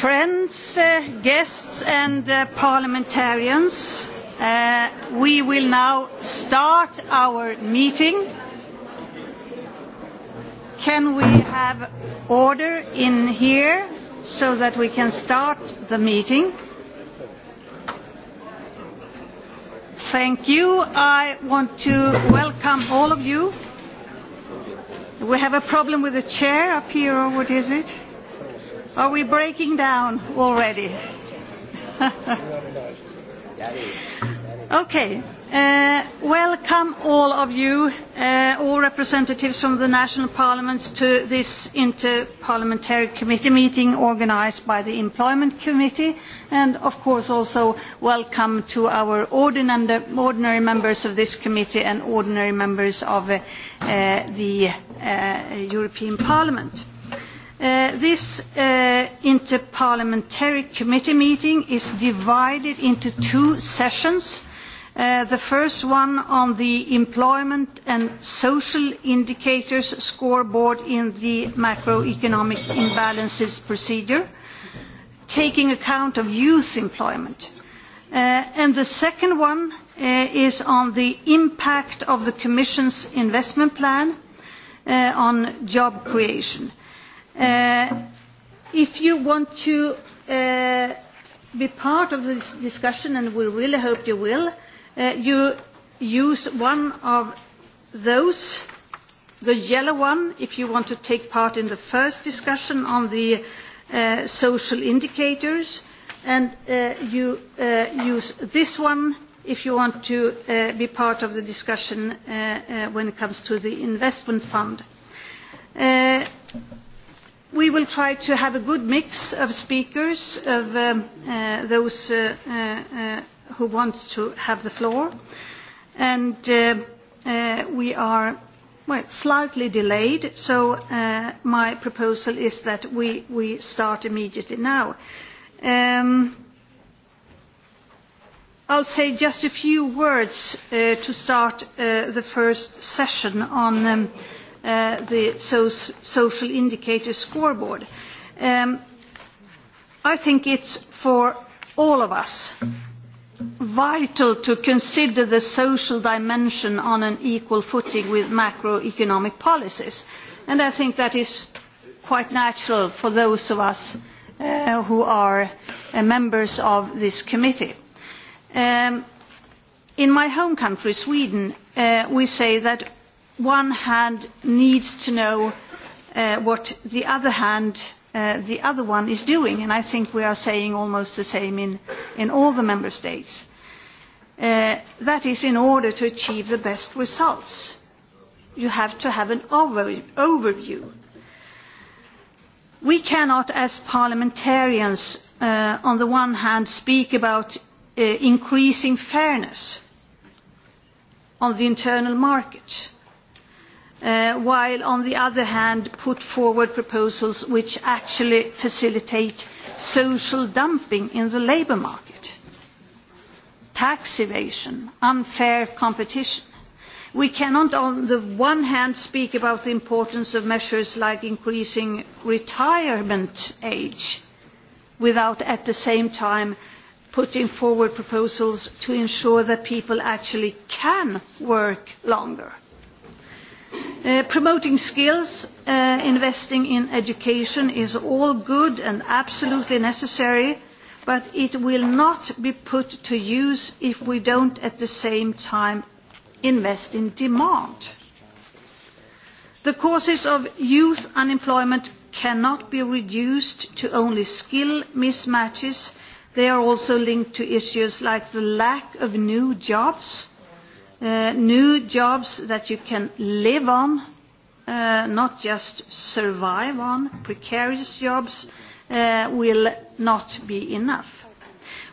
friends, uh, guests and uh, parliamentarians, uh, we will now start our meeting. Can we have order in here so that we can start the meeting? Thank you. I want to welcome all of you. We have a problem with the chair up here, or what is it? Are we breaking down already? okay. Uh, welcome all of you, uh, all representatives from the national parliaments to this interparliamentary committee meeting organised by the employment committee and of course also welcome to our ordinary members of this committee and ordinary members of uh, uh the uh, european parliament. Uh, this uh, interparliamentary committee meeting is divided into two sessions. Uh, the first one on the employment and social indicators scoreboard in the macroeconomic imbalances procedure, taking account of youth employment. Uh, and the second one uh, is on the impact of the Commission's investment plan uh, on job creation Uh, if you want to uh, be part of this discussion, and we really hope you will, uh, you use one of those, the yellow one, if you want to take part in the first discussion on the uh, social indicators, and uh, you uh, use this one if you want to uh, be part of the discussion uh, uh, when it comes to the investment fund. Uh, we will try to have a good mix of speakers, of um, uh, those uh, uh, uh, who want to have the floor. And uh, uh, we are well, slightly delayed, so uh, my proposal is that we, we start immediately now. Um, I'll say just a few words uh, to start uh, the first session on um, Uh, the social indicator scoreboard. Um, I think it's for all of us vital to consider the social dimension on an equal footing with macroeconomic policies. And I think that is quite natural for those of us uh, who are uh, members of this committee. Um, in my home country, Sweden, uh, we say that one hand needs to know uh, what the other hand uh, the other one is doing and i think we are saying almost the same in, in all the member states uh, that is in order to achieve the best results you have to have an over overview we cannot as parliamentarians uh, on the one hand speak about uh, increasing fairness on the internal market Uh, while on the other hand put forward proposals which actually facilitate social dumping in the labour market tax evasion unfair competition. we cannot on the one hand speak about the importance of measures like increasing retirement age without at the same time putting forward proposals to ensure that people actually can work longer Uh, promoting skills, uh, investing in education is all good and absolutely necessary, but it will not be put to use if we don't at the same time invest in demand. The causes of youth unemployment cannot be reduced to only skill mismatches. They are also linked to issues like the lack of new jobs, uh, new jobs that you can live on, uh, not just survive on. Precarious jobs uh, will not be enough.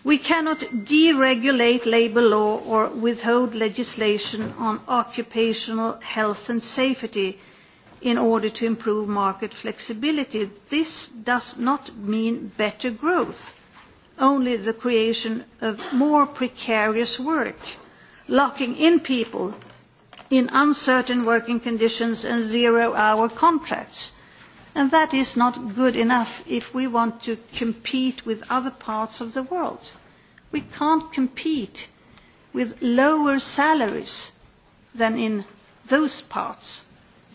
We cannot deregulate labour law or withhold legislation on occupational health and safety in order to improve market flexibility. This does not mean better growth, only the creation of more precarious work locking in people in uncertain working conditions and zero hour contracts and that is not good enough if we want to compete with other parts of the world. We can't compete with lower salaries than in those parts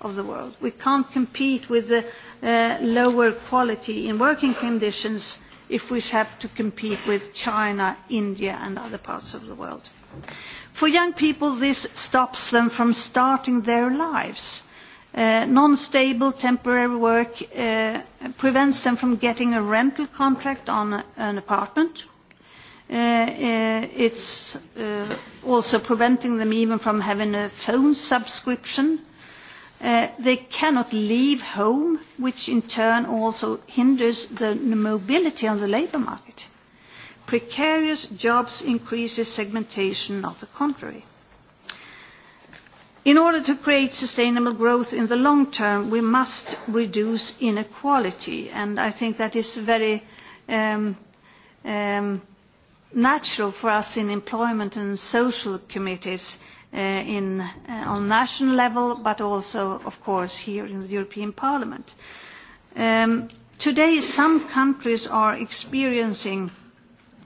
of the world. We can't compete with the uh, lower quality in working conditions if we have to compete with China, India and other parts of the world. Uh, For young people, this stops them from starting their lives. Uh, Non-stable temporary work uh, prevents them from getting a rental contract on a, an apartment. Uh, uh it's uh, also preventing them even from having a phone subscription. Uh, they cannot leave home, which in turn also hinders the mobility on the labour market. Uh, Precarious jobs increases segmentation, not the contrary. In order to create sustainable growth in the long term, we must reduce inequality, and I think that is very um, um, natural for us in employment and social committees uh, in, uh, on national level, but also, of course, here in the European Parliament. Um, today, some countries are experiencing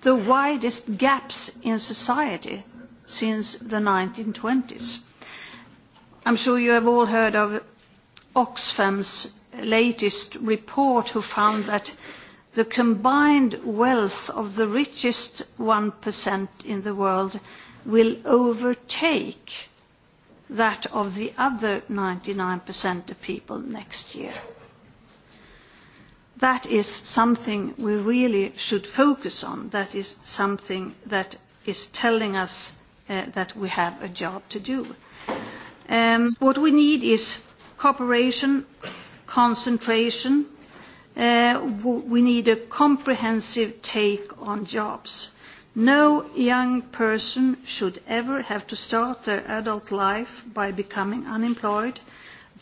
the widest gaps in society since the 1920s. I'm sure you have all heard of Oxfam's latest report who found that the combined wealth of the richest 1% in the world will overtake that of the other 99% of people next year that is something we really should focus on. That is something that is telling us uh, that we have a job to do. Um, what we need is cooperation, concentration. Uh, we need a comprehensive take on jobs. No young person should ever have to start their adult life by becoming unemployed.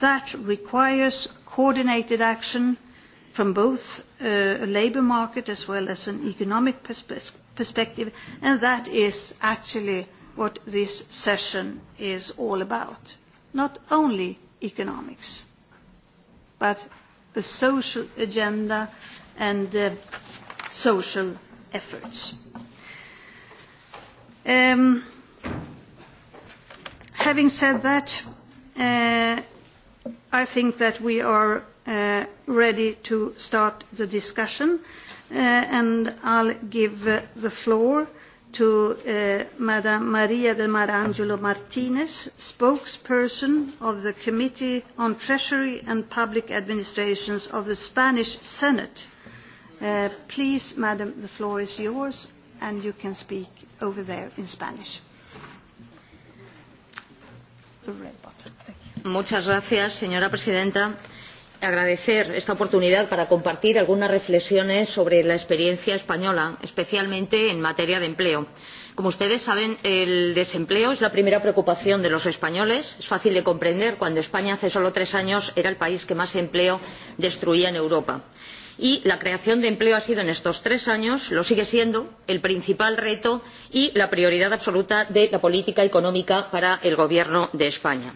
That requires coordinated action, from both uh, a labour market as well as an economic perspective, and that is actually what this session is all about. Not only economics, but the social agenda and uh, social efforts. Um, having said that, uh, I think that we are Uh, ready to start the discussion, uh, and I'll give uh, the floor to Madam Maria del Mar Angelo Martinez, spokesperson of the Committee on Treasury and Public Administrations of the Spanish Senate. please, Madam, the floor is yours, and you can speak over there in Spanish. The red button. Thank you. Muchas gracias, señora presidenta agradecer esta oportunidad para compartir algunas reflexiones sobre la experiencia española especialmente en materia de empleo. como ustedes saben el desempleo es la primera preocupación de los españoles. es fácil de comprender cuando españa hace solo tres años era el país que más empleo destruía en europa y la creación de empleo ha sido en estos tres años lo sigue siendo el principal reto y la prioridad absoluta de la política económica para el gobierno de españa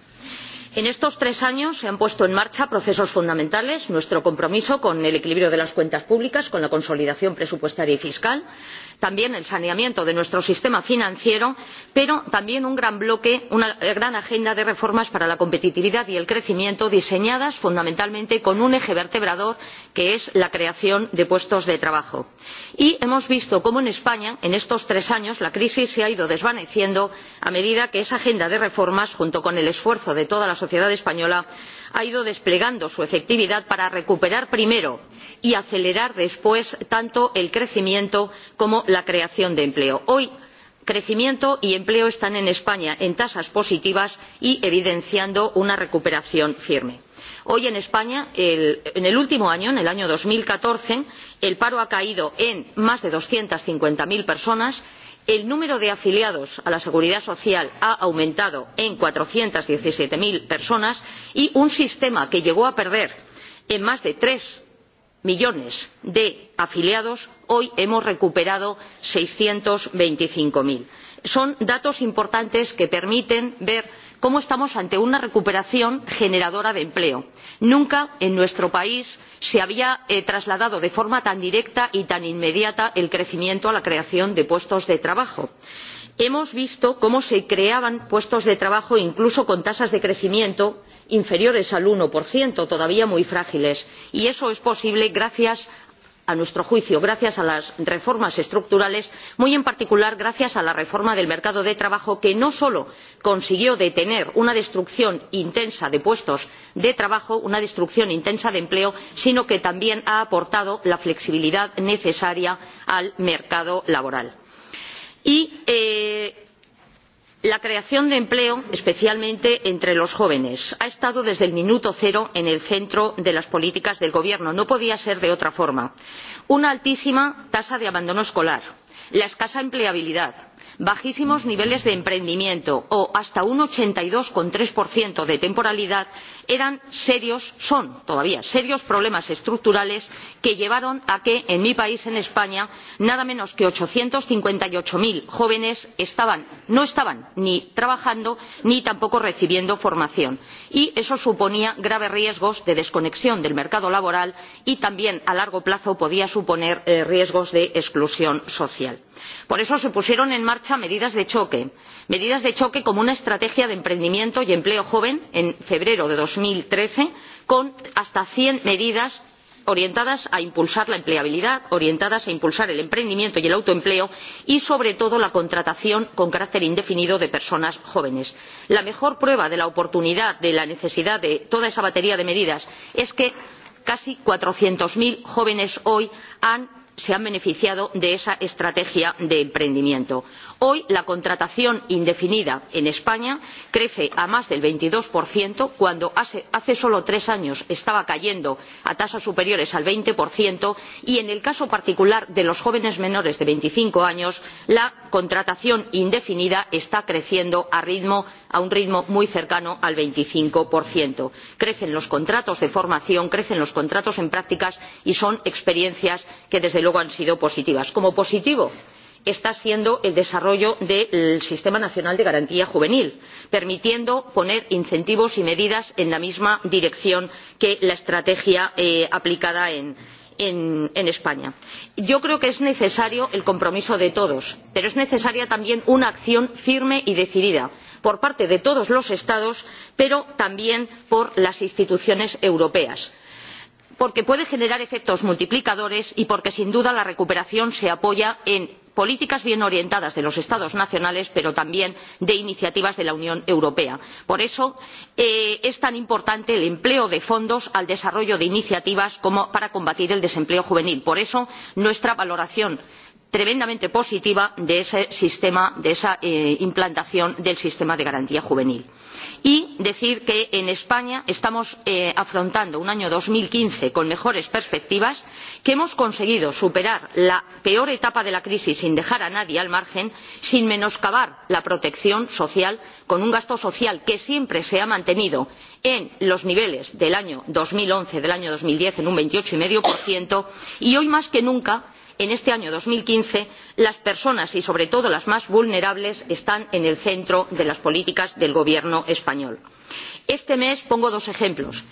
en estos tres años se han puesto en marcha procesos fundamentales nuestro compromiso con el equilibrio de las cuentas públicas con la consolidación presupuestaria y fiscal y también el saneamiento de nuestro sistema financiero pero también un gran bloque una eh, gran agenda de reformas para la competitividad y el crecimiento diseñadas fundamentalmente con un eje vertebrador que es la creación de puestos de trabajo. y hemos visto cómo en españa en estos tres años la crisis se ha ido desvaneciendo a medida que esa agenda de reformas junto con el esfuerzo de toda la sociedad española ha ido desplegando su efectividad para recuperar primero y acelerar después tanto el crecimiento como la creación de empleo. hoy crecimiento y empleo están en españa en tasas positivas y evidenciando una recuperación firme. hoy en españa en el último año en el año dos mil catorce el paro ha caído en más de doscientos cincuenta cero personas el número de afiliados a la seguridad social ha aumentado en cuatrocientos diecisiete cero personas y un sistema que llegó a perder en más de tres millones de afiliados hoy hemos recuperado seiscientos veinticinco cero son datos importantes que permiten ver cómo estamos ante una recuperación generadora de empleo. nunca en nuestro país se había eh, trasladado de forma tan directa y tan inmediata el crecimiento a la creación de puestos de trabajo. hemos visto cómo se creaban puestos de trabajo incluso con tasas de crecimiento inferiores al uno todavía muy frágiles y eso es posible gracias a a nuestro juicio gracias a las reformas estructurales muy en particular gracias a la reforma del mercado de trabajo que no solo consiguió detener una destrucción intensa de puestos de trabajo una destrucción intensa de empleo sino que también ha aportado la flexibilidad necesaria al mercado laboral. y eh, la creación de empleo especialmente entre los jóvenes ha estado desde el minuto cero en el centro de las políticas del gobierno no podía ser de otra forma una altísima tasa de abandono escolar la escasa empleabilidad bajísimos niveles de emprendimiento o hasta un ochenta y dos tres de temporalidad eran serios son todavía serios problemas estructurales que llevaron a que en mi país en españa nada menos que ochocientos cincuenta y ocho cero jóvenes no estaban ni trabajando ni tampoco recibiendo formación y eso suponía graves riesgos de desconexión del mercado laboral y también a largo plazo podía suponer eh, riesgos de exclusión social por eso se pusieron en marcha medidas de choque medidas de choque como una estrategia de emprendimiento y empleo joven en febrero de dos mil trece con hasta cien medidas orientadas a impulsar la empleabilidad orientadas a impulsar el emprendimiento y el autoempleo y sobre todo la contratación con carácter indefinido de personas jóvenes. la mejor prueba de la oportunidad de la necesidad de toda esa batería de medidas es que casi cuatrocientos cero jóvenes hoy han se han beneficiado de esa estrategia de emprendimiento hoy la contratación indefinida en españa crece a más del veintidós cuando hace solo tres años estaba cayendo a tasas superiores al veinte y en el caso particular de los jóvenes menores de veinticinco años la contratación indefinida está creciendo a un ritmo muy cercano al veinticinco crecen los contratos de formación crecen los contratos en prácticas y son experiencias que desde luego han sido positivas como positivo también está siendo el desarrollo del sistema nacional de garantía juvenil permitiendo poner incentivos y medidas en la misma dirección que la estrategia eh, aplicada en españa. yo creo que es necesario el compromiso de todos pero es necesaria también una acción firme y decidida por parte de todos los estados pero también por las instituciones europeas porque puede generar efectos multiplicadores y porque sin duda la recuperación se apoya en políticas bien orientadas de los estados nacionales pero también de iniciativas de la unión europea. por eso eh, es tan importante el empleo de fondos el desarrollo de iniciativas para combatir el desempleo juvenil. por eso nuestra valoración de tremendamente positiva de ese sistema de esa eh, implantación del sistema de garantía juvenil y decir que en españa estamos eh, afrontando un año dos mil quince con mejores perspectivas que hemos conseguido superar la peor etapa de la crisis sin dejar a nadie al margen sin menoscabar la protección social con un gasto social que siempre se ha mantenido en los niveles del año dos mil once del año dos mil diez en un veintiocho cinco y hoy más que nunca en este año dos mil quince las personas y sobre todo las más vulnerables están en el centro de las políticas del gobierno español. este mes pongo dos ejemplos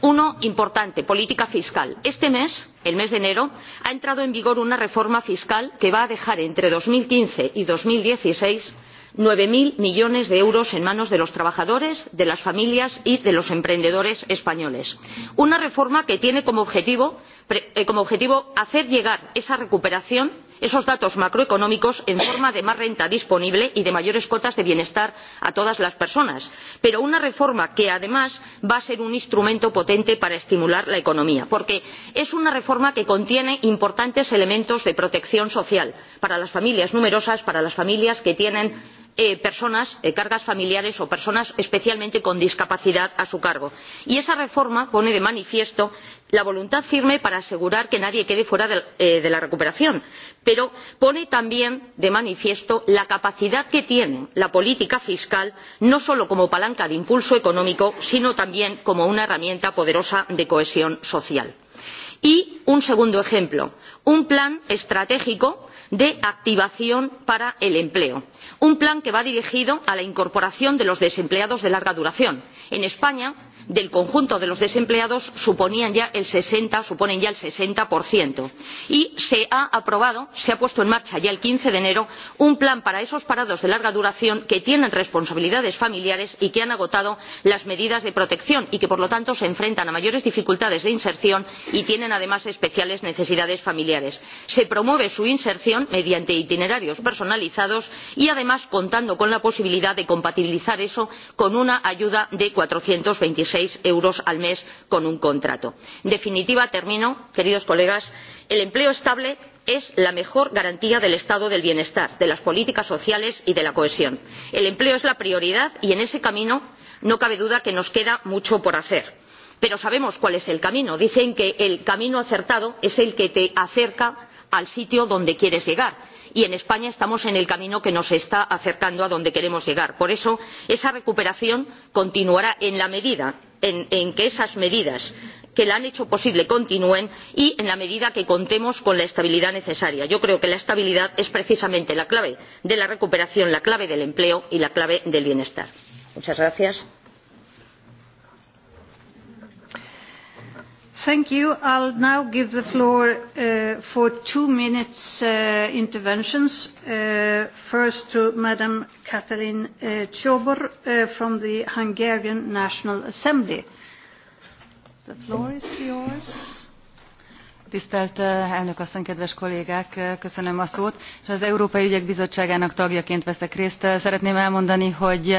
uno importante política fiscal este mes el mes de enero ha entrado en vigor una reforma fiscal que va a dejar entre dos mil quince y dos mil dieciseis nueve cero millones de euros en manos de los trabajadores de las familias y de los emprendedores españoles una reforma que tiene como objetivo Eh, como objetivo hacer llegar esa recuperación esos datos macroeconómicos en forma de más renta disponible y de mayores cuotas de bienestar a todas las personas pero una reforma que además va a ser un instrumento potente para estimular la economía porque es una reforma que contiene importantes elementos de protección social para las familias numerosas para las familias que tienen Eh, personas eh, cargas familiares o personas especialmente con discapacidad a su cargo y esa reforma pone de manifiesto la voluntad firme para asegurar que nadie quede fuera eh, de la recuperación pero pone también de manifiesto la capacidad que tiene la política fiscal no solo como palanca de impulso económico sino también como una herramienta poderosa de cohesión social. y un segundo ejemplo un plan estratégico de activación para el empleo un plan que va dirigido a la incorporación de los desempleados de larga duración en españa del conjunto de los desempleados suponían ya el 60, suponen ya el 60%. Y se ha aprobado, se ha puesto en marcha ya el 15 de enero, un plan para esos parados de larga duración que tienen responsabilidades familiares y que han agotado las medidas de protección y que, por lo tanto, se enfrentan a mayores dificultades de inserción y tienen, además, especiales necesidades familiares. Se promueve su inserción mediante itinerarios personalizados y, además, contando con la posibilidad de compatibilizar eso con una ayuda de cuatrocientos veintiséis seis euros al mes con un contrato. en definitiva termino queridos colegas el empleo estable es la mejor garantía del estado del bienestar de las políticas sociales y de la cohesión. el empleo es la prioridad y en ese camino no cabe duda de que nos queda mucho por hacer pero sabemos cuál es el camino. dicen que el camino acertado es el que te acerca al sitio donde quieres llegar y en españa estamos en el camino que nos está acercando a donde queremos llegar. por eso esa recuperación continuará en la medida en, que esas medidas que la han hecho posible continúen y en la medida en que contemos con la estabilidad necesaria. yo creo que la estabilidad es precisamente la clave de la recuperación la clave del empleo y la clave del bienestar. muchas gracias. Thank you. I'll now give the floor uh, for two minutes uh, interventions. Uh, first to Madam Katalin uh, Czobor from the Hungarian National Assembly. The floor is yours tisztelt eh, elnök asszony kedves kollégák eh, köszönöm a szót és az európai ügyek bizottságának tagjaként veszek részt. Eh, szeretném elmondani hogy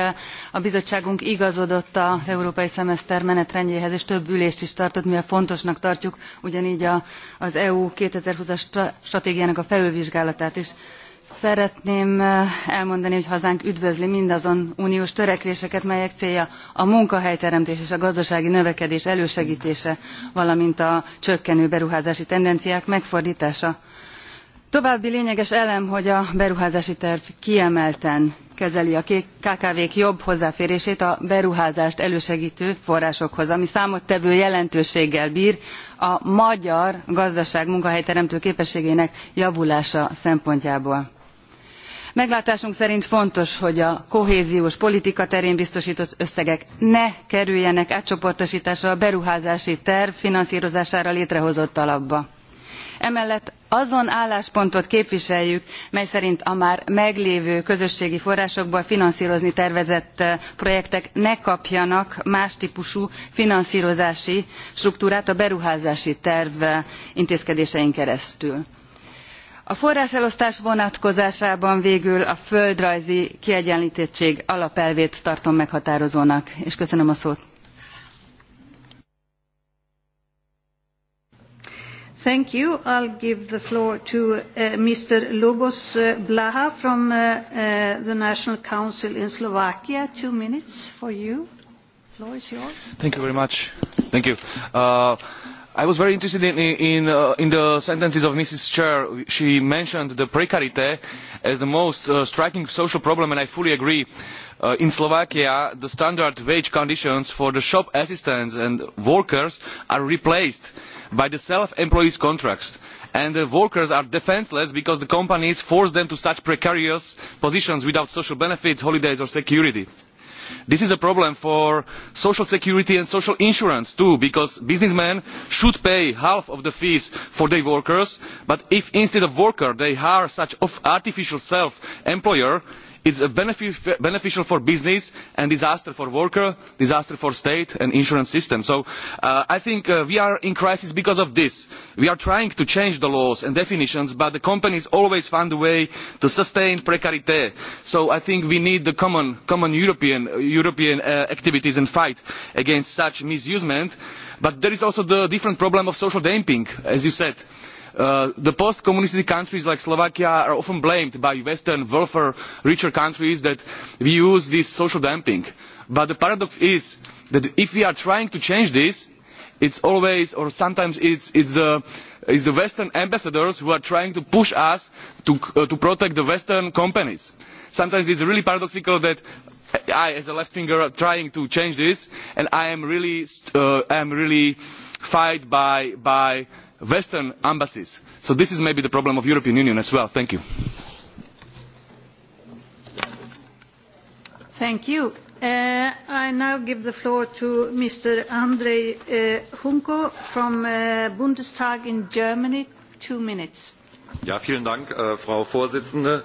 a bizottságunk igazodott az európai szemeszter menetrendjéhez és több ülést is tartott mivel fontosnak tartjuk ugyanígy az eu 2020 as stratégiának a felülvizsgálatát is szeretném eh, elmondani hogy hazánk üdvözli mindazon uniós törekvéseket melyek célja a munkahelyteremtés és a gazdasági növekedés elősegtése valamint a csökkenő beruházási tendenciák megfordtása. további lényeges elem hogy a beruházási terv kiemelten kezeli a kkv k jobb hozzáférését a beruházást elősegtő forrásokhoz ami számottevő jelentőséggel br a magyar gazdaság munkahelyteremtő képességének javulása szempontjából meglátásunk szerint fontos hogy a kohéziós politika terén biztostott összegek ne kerüljenek átcsoportostásra a beruházási terv finanszrozására létrehozott alapba. emellett azon álláspontot képviseljük mely szerint a már meglévő közösségi forrásokból finanszrozni tervezett projektek ne kapjanak más tpusú finanszrozási struktúrát a beruházási terv intézkedésein keresztül a forráselosztás vonatkozásában végül a földrajzi kiegyenltettség alapelvét tartom meghatározónak és köszönöm a szót. Thank you. I'll give the floor to uh, Mr. Lubos uh, Blaha from uh, uh, the National Council in Slovakia. Two minutes for you. The floor is yours. Thank you very much. Thank you. Uh, i was very interested in, in, uh, in the sentences of mrs chair. she mentioned the precarity as the most uh, striking social problem and i fully agree. Uh, in slovakia the standard wage conditions for the shop assistants and workers are replaced by the self employed contracts and the workers are defenceless because the companies force them to such precarious positions without social benefits holidays or security this is a problem for social security and social insurance too because businessmen should pay half of the fees for their workers but if instead of workers they hire such an artificial self employer it is beneficial for business and disaster for workers a disaster for the state and the insurance system. so uh, i think uh, we are in crisis because of this. we are trying to change the laws and definitions but the companies always find a way to sustain precarity. so i think we need common, european, uh, activities and a fight against such misuse. but there is also the different problem of social dumping as you said Uh, the post communist countries like slovakia are often blamed by western welfare richer countries that we use this social dumping but the paradox is that if we are trying to change this it is always or sometimes it is the, western ambassadors who are trying to push us to, uh, protect the western companies. sometimes it is really paradoxical that i as a left winger am trying to change this and i am really, uh, fighting by western embassies. so this is maybe the problem of the european union as well. thank you. Thank you. Uh, i now give the floor to mr andrej uh, hunko from the uh, bundestag in germany. two minutes. Ja, äh, frau präsidentin!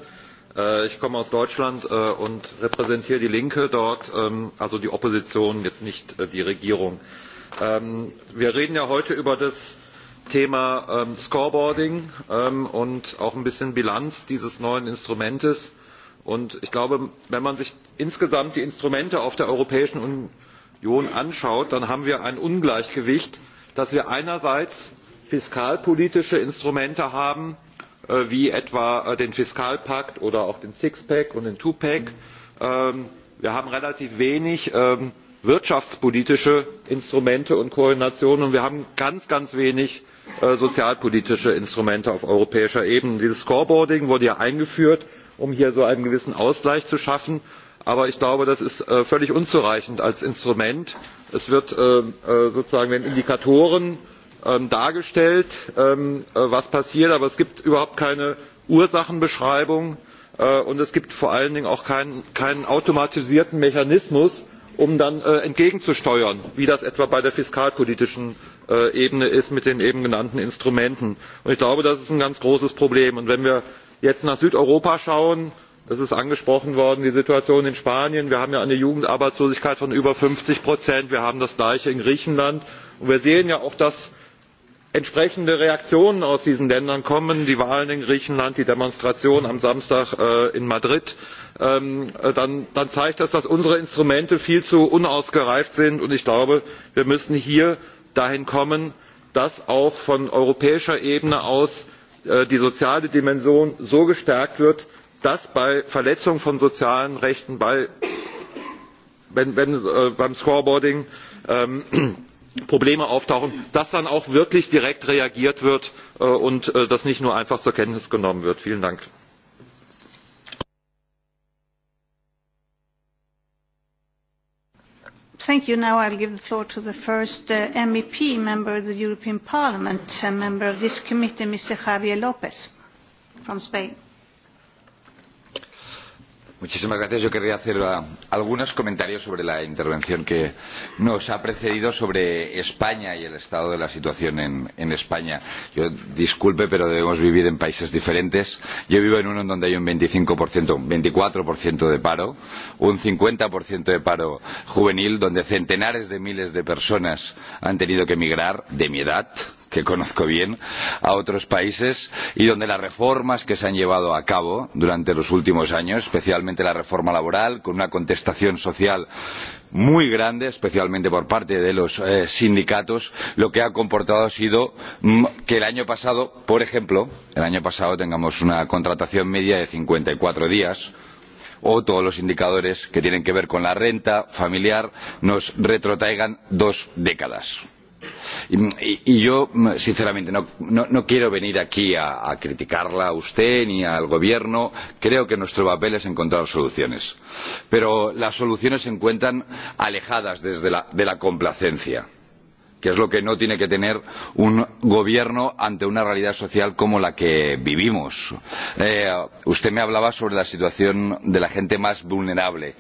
Äh, ich komme aus deutschland äh, und repräsentiere die linke dort ähm, also die opposition jetzt nicht die regierung. Ähm, wir reden ja heute über das thema ähm, scoreboarding ähm, und auch ein bisschen bilanz dieses neuen instruments und ich glaube wenn man sich insgesamt die instrumente auf der europäischen union anschaut dann haben wir ein ungleichgewicht dass wir einerseits fiskalpolitische instrumente haben äh, wie etwa äh, den fiskalpakt oder auch den sixpack und den twopack ähm, wir haben relativ wenig wirtschaftspolitische instrumente und koordination und wir haben ganz ganz wenig äh, sozialpolitische instrumente auf europäischer ebene. dieses scoreboarding wurde ja eingeführt um hier so einen gewissen ausgleich zu schaffen aber ich glaube das ist äh, völlig unzureichend als instrument. es werden äh, indikatoren ähm, dargestellt ähm, was passiert aber es gibt überhaupt keine ursachenbeschreibung und es gibt vor allen dingen auch keinen automatisierten mechanismus um dann äh, entgegenzusteuern wie das etwa bei der fiskalpolitischen äh, ebene ist mit den eben genannten instrumenten. ich glaube das ist ein ganz großes problem. und wenn wir jetzt nach südeuropa schauen es ist angesprochen worden die situation in spanien wir haben ja eine jugendarbeitslosigkeit von über fünfzig wir haben das gleiche in griechenland und wir sehen ja auch dass entsprechende reaktionen aus diesen ländern kommen die wahlen in griechenland die demonstration am samstag äh, in madrid ähm, äh, dann zeigt das dass unsere instrumente viel zu unausgereift sind und ich glaube wir müssen hier dahin kommen dass auch von europäischer ebene aus äh, die soziale dimension so gestärkt wird dass bei verletzung von sozialen rechten beim scoreboarding ähm, probleme auftauchen dass dann auch wirklich direkt reagiert wird äh, und äh, das nicht nur einfach zur kenntnis genommen wird. vielen dank! Thank you. Now I'll give the floor to the first uh, MEP member of the European Parliament, a uh, member of this committee, Mr. Javier López from Spain. Muchísimas gracias. Yo querría hacer uh, algunos comentarios sobre la intervención que nos ha precedido sobre España y el estado de la situación en, en España. Yo disculpe, pero debemos vivir en países diferentes. Yo vivo en uno en donde hay un 25%, un 24% de paro, un 50% de paro juvenil, donde centenares de miles de personas han tenido que emigrar de mi edad que conozco bien a otros países y donde las reformas que se han llevado a cabo durante los últimos años especialmente la reforma laboral con una contestación social muy grande especialmente por parte de los eh, sindicatos lo que ha comportado ha sido mm, que el año pasado por ejemplo el año pasado tengamos una contratación media de cincuenta y cuatro días o todos los indicadores que tienen que ver con la renta familiar nos retrotraigan dos décadas. Y, yo, mm, sinceramente, no, no, no, quiero venir aquí a, a criticarla a usted ni al Gobierno. Creo que nuestro papel es encontrar soluciones. Pero las soluciones se encuentran alejadas desde la, de la complacencia que es lo que no tiene que tener un gobierno ante una realidad social como la que vivimos. Eh, usted me hablaba sobre la situación de la gente más vulnerable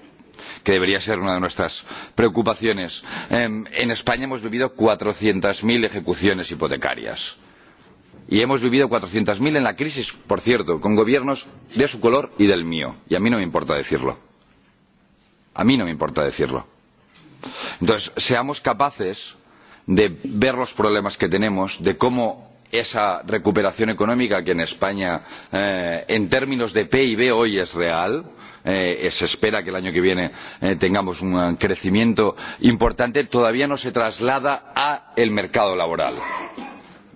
que debería ser una de nuestras preocupaciones. en españa hemos vivido cuatrocientos cero ejecuciones hipotecarias y hemos vivido cuatrocientos cero en la crisis por cierto con gobiernos de su color y del mío y a mí no me importa decirlo. a mí no me importa decirlo. entonces seamos capaces de ver los problemas que tenemos de cómo esa recuperación económica que en españa eh, en términos de pib hoy es real eh, se espera que el año que viene eh, tengamos un crecimiento importante todavía no se traslada al mercado laboral.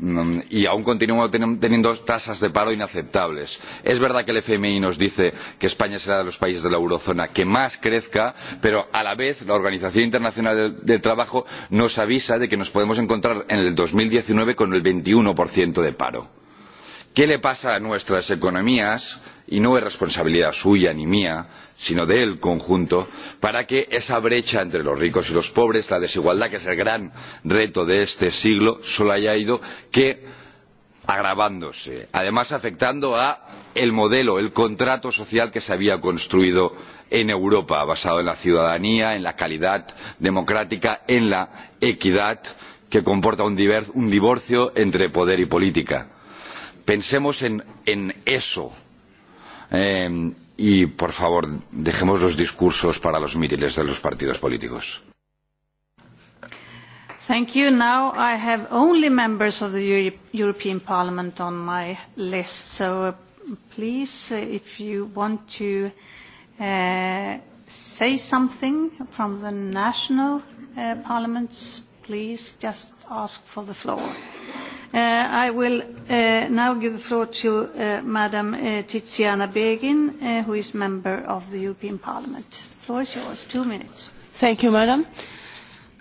Mm, y aún continúa teniendo tasas de paro inaceptables. es verdad que el fmi nos dice que españa será de los países de la eurozona que más crezca pero a la vez la organización internacional del trabajo nos avisa de que nos podemos encontrar en dos mil diecinueve con el veintiuno de paro. qué le pasa a nuestras economías que y no es responsabilidad suya ni mía sino del conjunto para que esa brecha entre los ricos y los pobres la desigualdad que es el gran reto de este siglo solo haya ido agravándose además afectando al modelo el contrato social que se había construido en europa basado en la ciudadanía en la calidad democrática en la equidad que comporta un divorcio entre poder y política. pensemos en eso Eh, y, por favor, dejemos los discursos para los mítines de los partidos políticos. Thank you. Now I have only members of the European Parliament on my list, so uh, please, uh, if you want to uh, say something from the national uh, parliaments, please just ask for the floor. Uh, I will uh, now give the floor to uh, Madam Tiziana Begin, who is member of the European Parliament. The floor is yours. Two minutes. Thank you, Madam.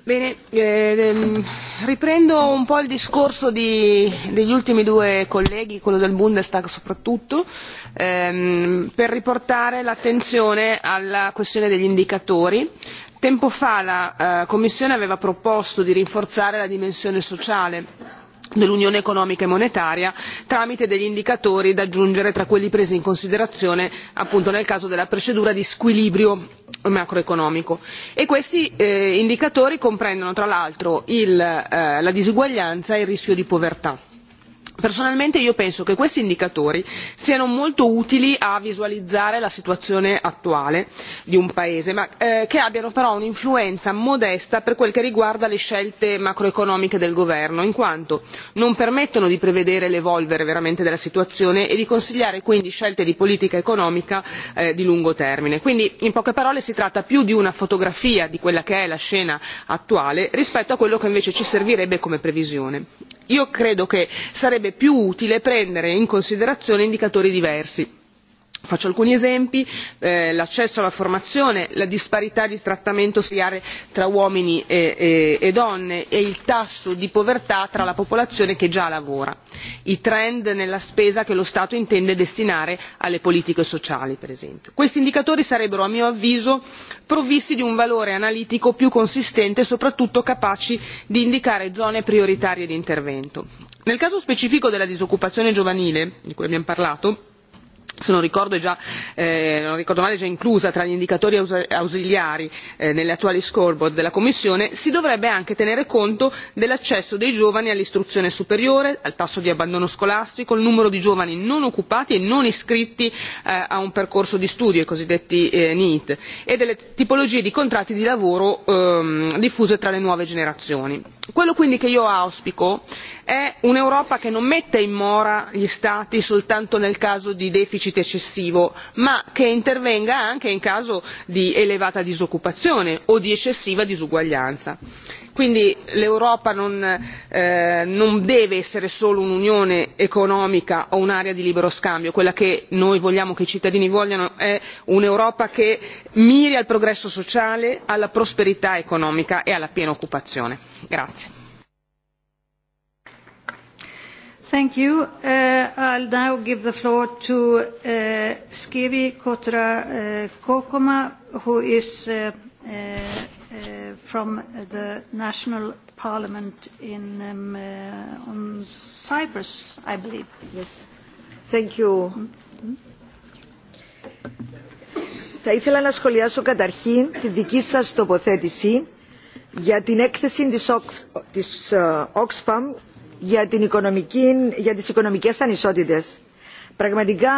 Bene, eh, ehm, riprendo un po' il discorso di, degli ultimi due colleghi quello del bundestag soprattutto ehm, per riportare l'attenzione alla questione degli indicatori. tempo fa la eh, commissione aveva proposto di rinforzare la dimensione sociale dell'unione economica e monetaria tramite degli indicatori da aggiungere tra quelli presi in considerazione appunto nel caso della procedura di squilibrio macroeconomico e questi eh, indicatori comprendono tra l'altro eh, la disuguaglianza e il rischio di povertà personalmente io penso che questi indicatori siano molto utili a visualizzare la situazione attuale di un paese ma eh, che abbiano però un'influenza modesta per quel che riguarda le scelte macroeconomiche del governo in quanto non permettono di prevedere l'evolvere veramente della situazione e di consigliare quindi scelte di politica economica eh, di lungo termine. quindi in poche parole si tratta più di una fotografia di quella che è la scena attuale rispetto a quello che invece ci servirebbe come previsione io credo che sarebbe più utile prendere in considerazione indicatori diversi faccio alcuni esempi eh, l'accesso alla formazione la disparità di trattamento salariale tra uomini e, e, e donne e il tasso di povertà tra la popolazione che già lavora i trend nella spesa che lo stato intende destinare alle politiche sociali per esempio. questi indicatori sarebbero a mio avviso provvisti di un valore analitico più consistente e soprattutto capaci di indicare zone prioritarie di intervento. nel caso specifico della disoccupazione giovanile di cui abbiamo parlato se non ricordo, eh, male è già inclusa tra gli indicatori ausiliari eh, nelle attuali scoreboard della commissione si dovrebbe anche tenere conto dell'accesso dei giovani all'istruzione superiore al tasso di abbandono scolastico al numero di giovani non occupati e non iscritti eh, a un percorso di studio i cosiddetti neet e delle tipologie di contratti di lavoro ehm, diffuse tra le nuove generazioni. quello quindi che io auspico è un'europa che non metta in mora gli stati soltanto nel caso di deficit deficit eccessivo ma che intervenga anche in caso di elevata disoccupazione o di eccessiva disuguaglianza. quindi l'europa eh, non, deve essere solo un'unione economica o un'area di libero scambio quella che noi vogliamo che i cittadini vogliano è un'europa che miri al progresso sociale alla prosperità economica e alla piena occupazione. Thank you. Uh, I'll now give the floor to uh, Skivi Kotra uh, Kokoma, who is uh, uh, uh, from the National Parliament in um, uh, on Cyprus, I believe. Yes. Thank you. Θα ήθελα να σχολιάσω καταρχήν τη δική σας τοποθέτηση για την έκθεση της Oxfam για, την οικονομική, για τις οικονομικές ανισότητες. Πραγματικά,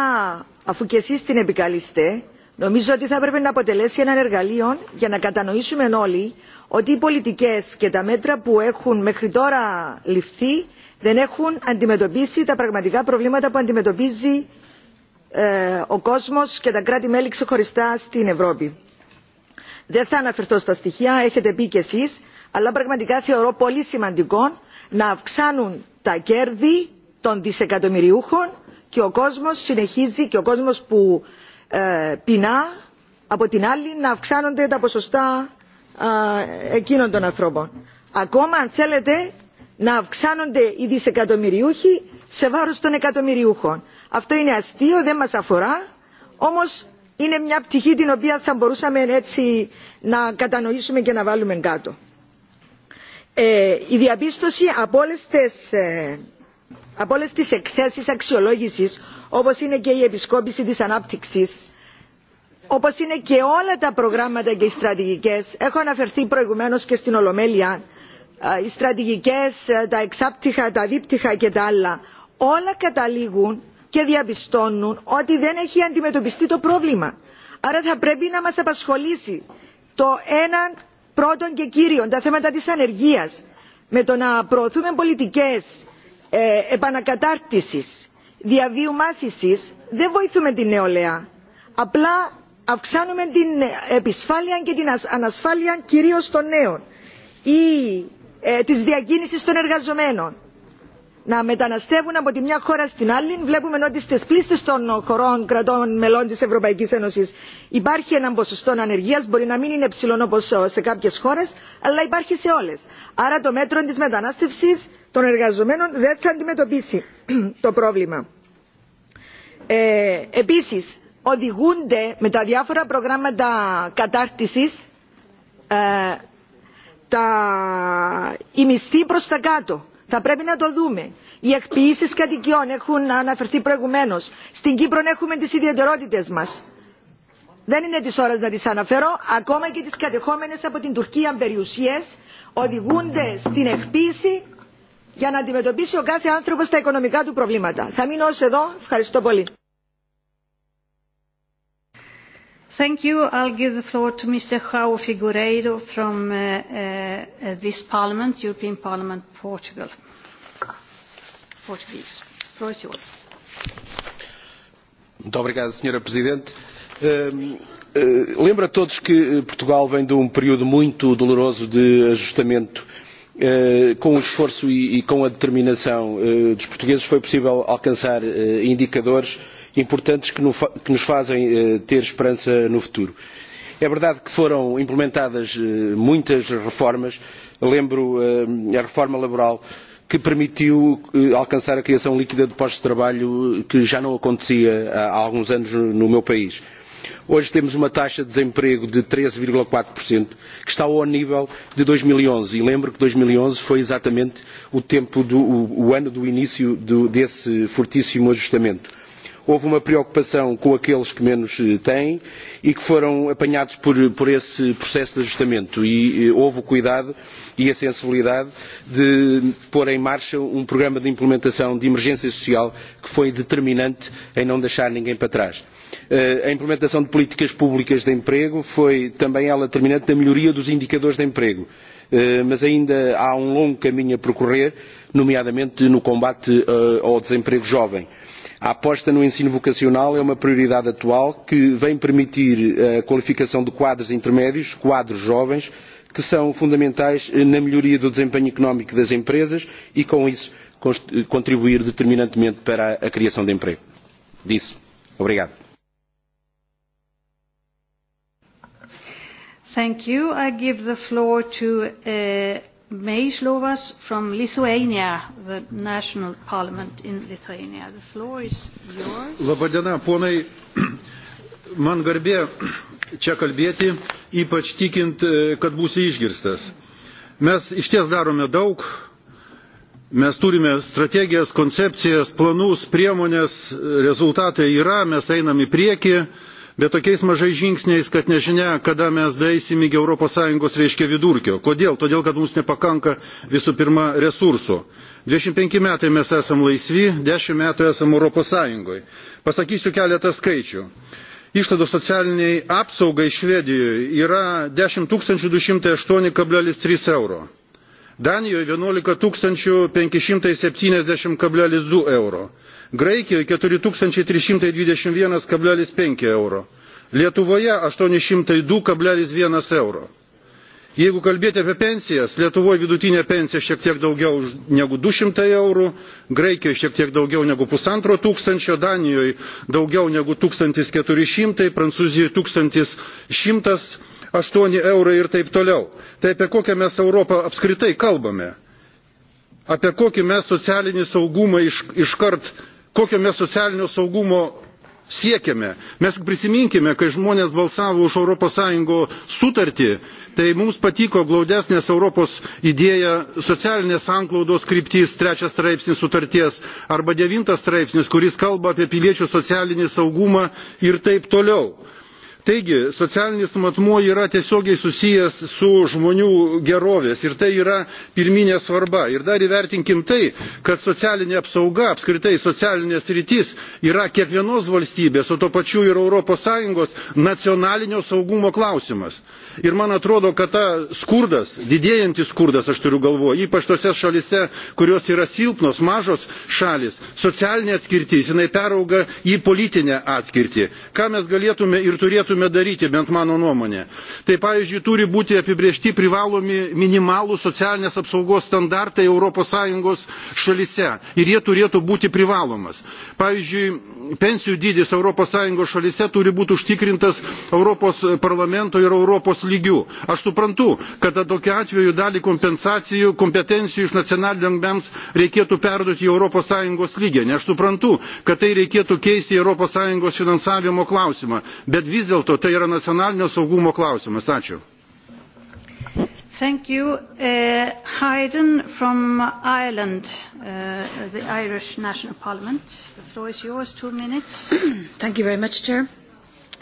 αφού και εσείς την επικαλείστε, νομίζω ότι θα έπρεπε να αποτελέσει ένα εργαλείο για να κατανοήσουμε όλοι ότι οι πολιτικές και τα μέτρα που έχουν μέχρι τώρα ληφθεί δεν έχουν αντιμετωπίσει τα πραγματικά προβλήματα που αντιμετωπίζει ε, ο κόσμος και τα κράτη-μέλη ξεχωριστά στην Ευρώπη. Δεν θα αναφερθώ στα στοιχεία, έχετε πει κι εσείς, αλλά πραγματικά θεωρώ πολύ σημαντικό να αυξάνουν τα κέρδη των δισεκατομμυριούχων και ο κόσμος συνεχίζει και ο κόσμος που ε, πεινά από την άλλη να αυξάνονται τα ποσοστά ε, εκείνων των ανθρώπων. Ακόμα αν θέλετε να αυξάνονται οι δισεκατομμυριούχοι σε βάρος των εκατομμυριούχων. Αυτό είναι αστείο, δεν μας αφορά, όμως είναι μια πτυχή την οποία θα μπορούσαμε έτσι να κατανοήσουμε και να βάλουμε κάτω η διαπίστωση από όλες τις, από όλες τις εκθέσεις αξιολόγησης όπως είναι και η επισκόπηση της ανάπτυξης όπως είναι και όλα τα προγράμματα και οι στρατηγικές έχω αναφερθεί προηγουμένως και στην ολομέλεια οι στρατηγικές τα εξάπτυχα τα δίπτυχα και τα άλλα όλα καταλήγουν και διαπιστώνουν ότι δεν έχει αντιμετωπιστεί το πρόβλημα. άρα θα πρέπει να μας απασχολήσει το έναν πρώτον και κύριον τα θέματα της ανεργίας με το να προωθούμε πολιτικές ε, επανακατάρτισης διαβίου μάθησης δεν βοηθούμε την νεολαία απλά αυξάνουμε την επισφάλεια και την ανασφάλεια κυρίως των νέων ή ε, της διακίνησης των εργαζομένων να μεταναστεύουν από τη μια χώρα στην άλλη βλέπουμε ότι στι πλήστε των χωρών κρατών μελών τη ευρωπαϊκή ένωση υπάρχει ένα ποσοστό ανεργία μπορεί να μην είναι ψηλό όπω σε κάποιε χώρε αλλά υπάρχει σε όλε. άρα το μέτρο τη μετανάστευση των εργαζομένων δεν θα αντιμετωπίσει το πρόβλημα. Ε, επίση οδηγούνται με τα διάφορα προγράμματα κατάρτιση ε, τα... οι μισθοί προ τα κάτω θα πρέπει να το δούμε. οι εκποιήσει κατοικιών έχουν αναφερθεί προηγουμένω. στην κύπρο έχουμε τι ιδιαιτερότητε μα. δεν είναι τη ώρα να τι αναφέρω. ακόμα και τι κατεχόμενε από την τουρκία περιουσίε οδηγούνται στην εκποίηση για να αντιμετωπίσει ο κάθε άνθρωπο τα οικονομικά του προβλήματα. θα μείνω ω εδώ. ευχαριστώ πολύ. Thank you. I'll give the floor to Mr. João Figueiredo from uh, uh, uh, this Parliament, European Parliament, Portugal. Portuguese. floor is yours. Muito obrigado, Senhora Presidente. lembro a todos que Portugal vem de um período muito doloroso de ajustamento. com o esforço e, e com a determinação dos portugueses foi possível alcançar uh, indicadores uh, importantes no que nos fazem eh, ter esperança no futuro. É verdade que foram implementadas eh, muitas reformas. Lembro eh, a reforma laboral que permitiu alcançar a criação líquida de postos de trabalho que já não acontecia há alguns anos no meu país. Hoje temos uma taxa de desemprego de 13,4%, que está ao nível de 2011. E, e lembro que 2011 e foi exatamente o, tempo do, o, o ano do início do, desse fortíssimo ajustamento houve uma preocupação com aqueles que menos eh, têm e que foram apanhados por, por esse processo de ajustamento e eh, houve o cuidado e a sensibilidade de pôr em marcha um programa de implementação de emergência social que foi determinante em não deixar ninguém para trás. Eh, a implementação de políticas públicas de emprego foi também ela determinante na melhoria dos indicadores de emprego mas ainda há um longo caminho a percorrer nomeadamente no combate ao desemprego jovem. A aposta no ensino vocacional é uma prioridade atual que vem permitir eh, a qualificação de quadros intermédios, quadros jovens, que são fundamentais eh, na melhoria do desempenho económico das empresas e, com isso, eh, contribuir determinantemente para a criação de emprego. Disse. Obrigado. Thank you. I give the floor to uh, Meislovas from Lithuania, the national parliament in Lithuania. The floor is yours. Labadiena, ponai. Man garbė čia kalbėti, ypač tikint, e, kad būsiu išgirstas. Mes išties darome daug, mes turime strategijas koncepcijas planus priemones rezultatai yra mes einame į priekį bet tokiais mažais žingsniais kad nežinia kada mes daeisim iki europos sąjungos reiškia vidurkio. kodėl? todėl kad mums nepakanka visų pirma resursų. dvidešimt penki metai mes esame laisvi dešimt metų esame europos sąjungoje. pasakysiu keletą skaičių. išlaidos socialiniai apsaugai švedijoje yra dešimt du šimtai aštuoni trys euro danijoje vienuolika penki šimtai septyniasdešimt du euro graikijoje keturi trys šimtai dvidešimt vienas penki euro lietuvoje aštuoni šimtai du vienas euro. jeigu kalbėti apie pensijas lietuvoje vidutinė pensija šiek tiek daugiau negu du šimtai eurų graikijoje šiek tiek daugiau negu pusantro tūkstančio danijoje daugiau negu tūkstantis keturi šimtai prancūzijoje tūkstantis šimtas aštuoni eurai ir taip toliau. tai apie kokią mes europą apskritai kalbame? apie kokį mes socialinį saugumą iš, iškart kokio mes socialinio saugumo siekiame. Mes prisiminkime, kai žmonės balsavo už Europos Sąjungos sutartį, tai mums patiko glaudesnės Europos idėja socialinės anklaudos kryptys, trečias straipsnis sutarties arba devintas straipsnis, kuris kalba apie piliečių socialinį saugumą ir taip toliau. Taigi, socialinis matmuo yra tiesiogiai susijęs su žmonių gerovės ir tai yra pirminė svarba. Ir dar įvertinkim tai, kad socialinė apsauga, apskritai socialinės rytis yra kiekvienos valstybės, o tuo pačiu ir sąjungos nacionalinio saugumo klausimas ir man atrodo kad tas skurdas didėjantis skurdas aš turiu galvoje ypač tose šalyse kurios yra silpnos mažos šalys socialinė atskirtis jinai perauga į politinę atskirtį. ką mes galėtume ir turėtume daryti bent mano nuomone tai pavyzdžiui turi būti apibrėžti privalomi minimalūs socialinės apsaugos standartai europos sąjungos šalyse ir jie turėtų būti privalomas. pavyzdžiui pensijų dydis europos sąjungos šalyse turi būti užtikrintas europos parlamento ir europos lygių. Aš suprantu, kad tokiu atveju dalį kompensacijų, kompetencijų iš nacionalinių lygmens reikėtų perduoti į sąjungos lygmenį Aš suprantu, kad tai reikėtų keisti į sąjungos finansavimo klausimą, bet vis dėlto tai yra nacionalinio saugumo klausimas. Ačiū. Thank you. Uh, Hayden from Ireland, uh, the Irish National Parliament. The floor is yours, two minutes. Thank you very much, Chair.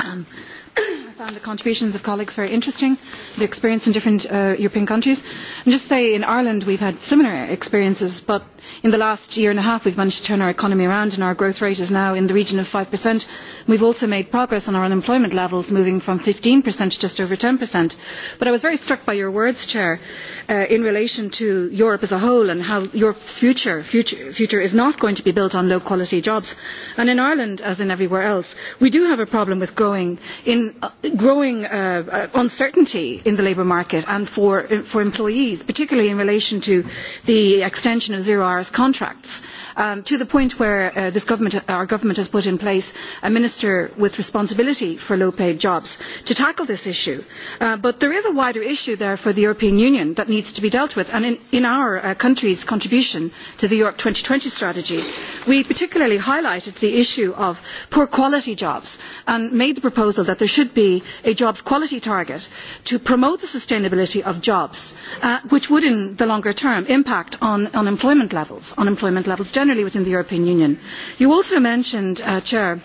Um, I found the contributions of colleagues very interesting, the experience in different uh, European countries. And just say in Ireland we've had similar experiences, but in the last year and a half we've managed to turn our economy around and our growth rate is now in the region of 5%. We've also made progress on our unemployment levels, moving from 15% to just over 10%. But I was very struck by your words, Chair, uh, in relation to Europe as a whole and how Europe's future, future, future is not going to be built on low-quality jobs. And in Ireland, as in everywhere else, we do have a problem with growing in Um, uh, growing uh, uh, uncertainty in the labour market and for, for employees, particularly in relation to the extension of zero hours contracts, um, to the point where uh, this government, our government has put in place a minister with responsibility for low paid jobs to tackle this issue. Uh, but there is a wider issue there for the European Union that needs to be dealt with. And in, in our uh, country's contribution to the Europe 2020 strategy, we particularly highlighted the issue of poor quality jobs and made the proposal that there should be a jobs quality target to promote the sustainability of jobs, uh, which would in the longer term impact on unemployment levels, unemployment levels generally within the European Union. You also mentioned, uh, Chair,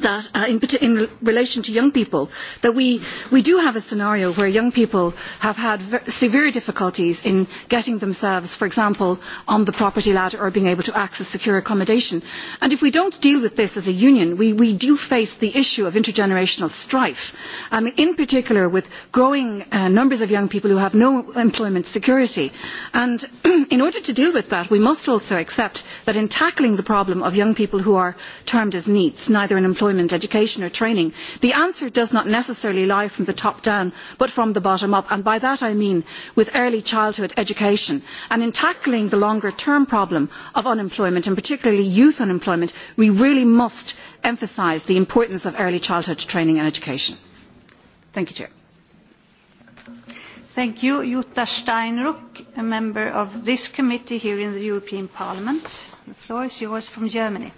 that uh, in, in relation to young people that we, we do have a scenario where young people have had severe difficulties in getting themselves for example on the property ladder or being able to access secure accommodation and if we do not deal with this as a union we, we do face the issue of intergenerational strife um, in particular with growing uh, numbers of young people who have no employment security and in order to deal with that we must also accept that in tackling the problem of young people who are termed as neets neither an employer employment education or training the answer does not necessarily lie from the top down but from the bottom up and by that i mean with early childhood education and in tackling the longer term problem of unemployment and particularly youth unemployment we really must emphasise the importance of early childhood training and education. Thank you, Chair. Thank you, Jutta Steinruck, a member of this committee here in the European Parliament. The floor is yours from Germany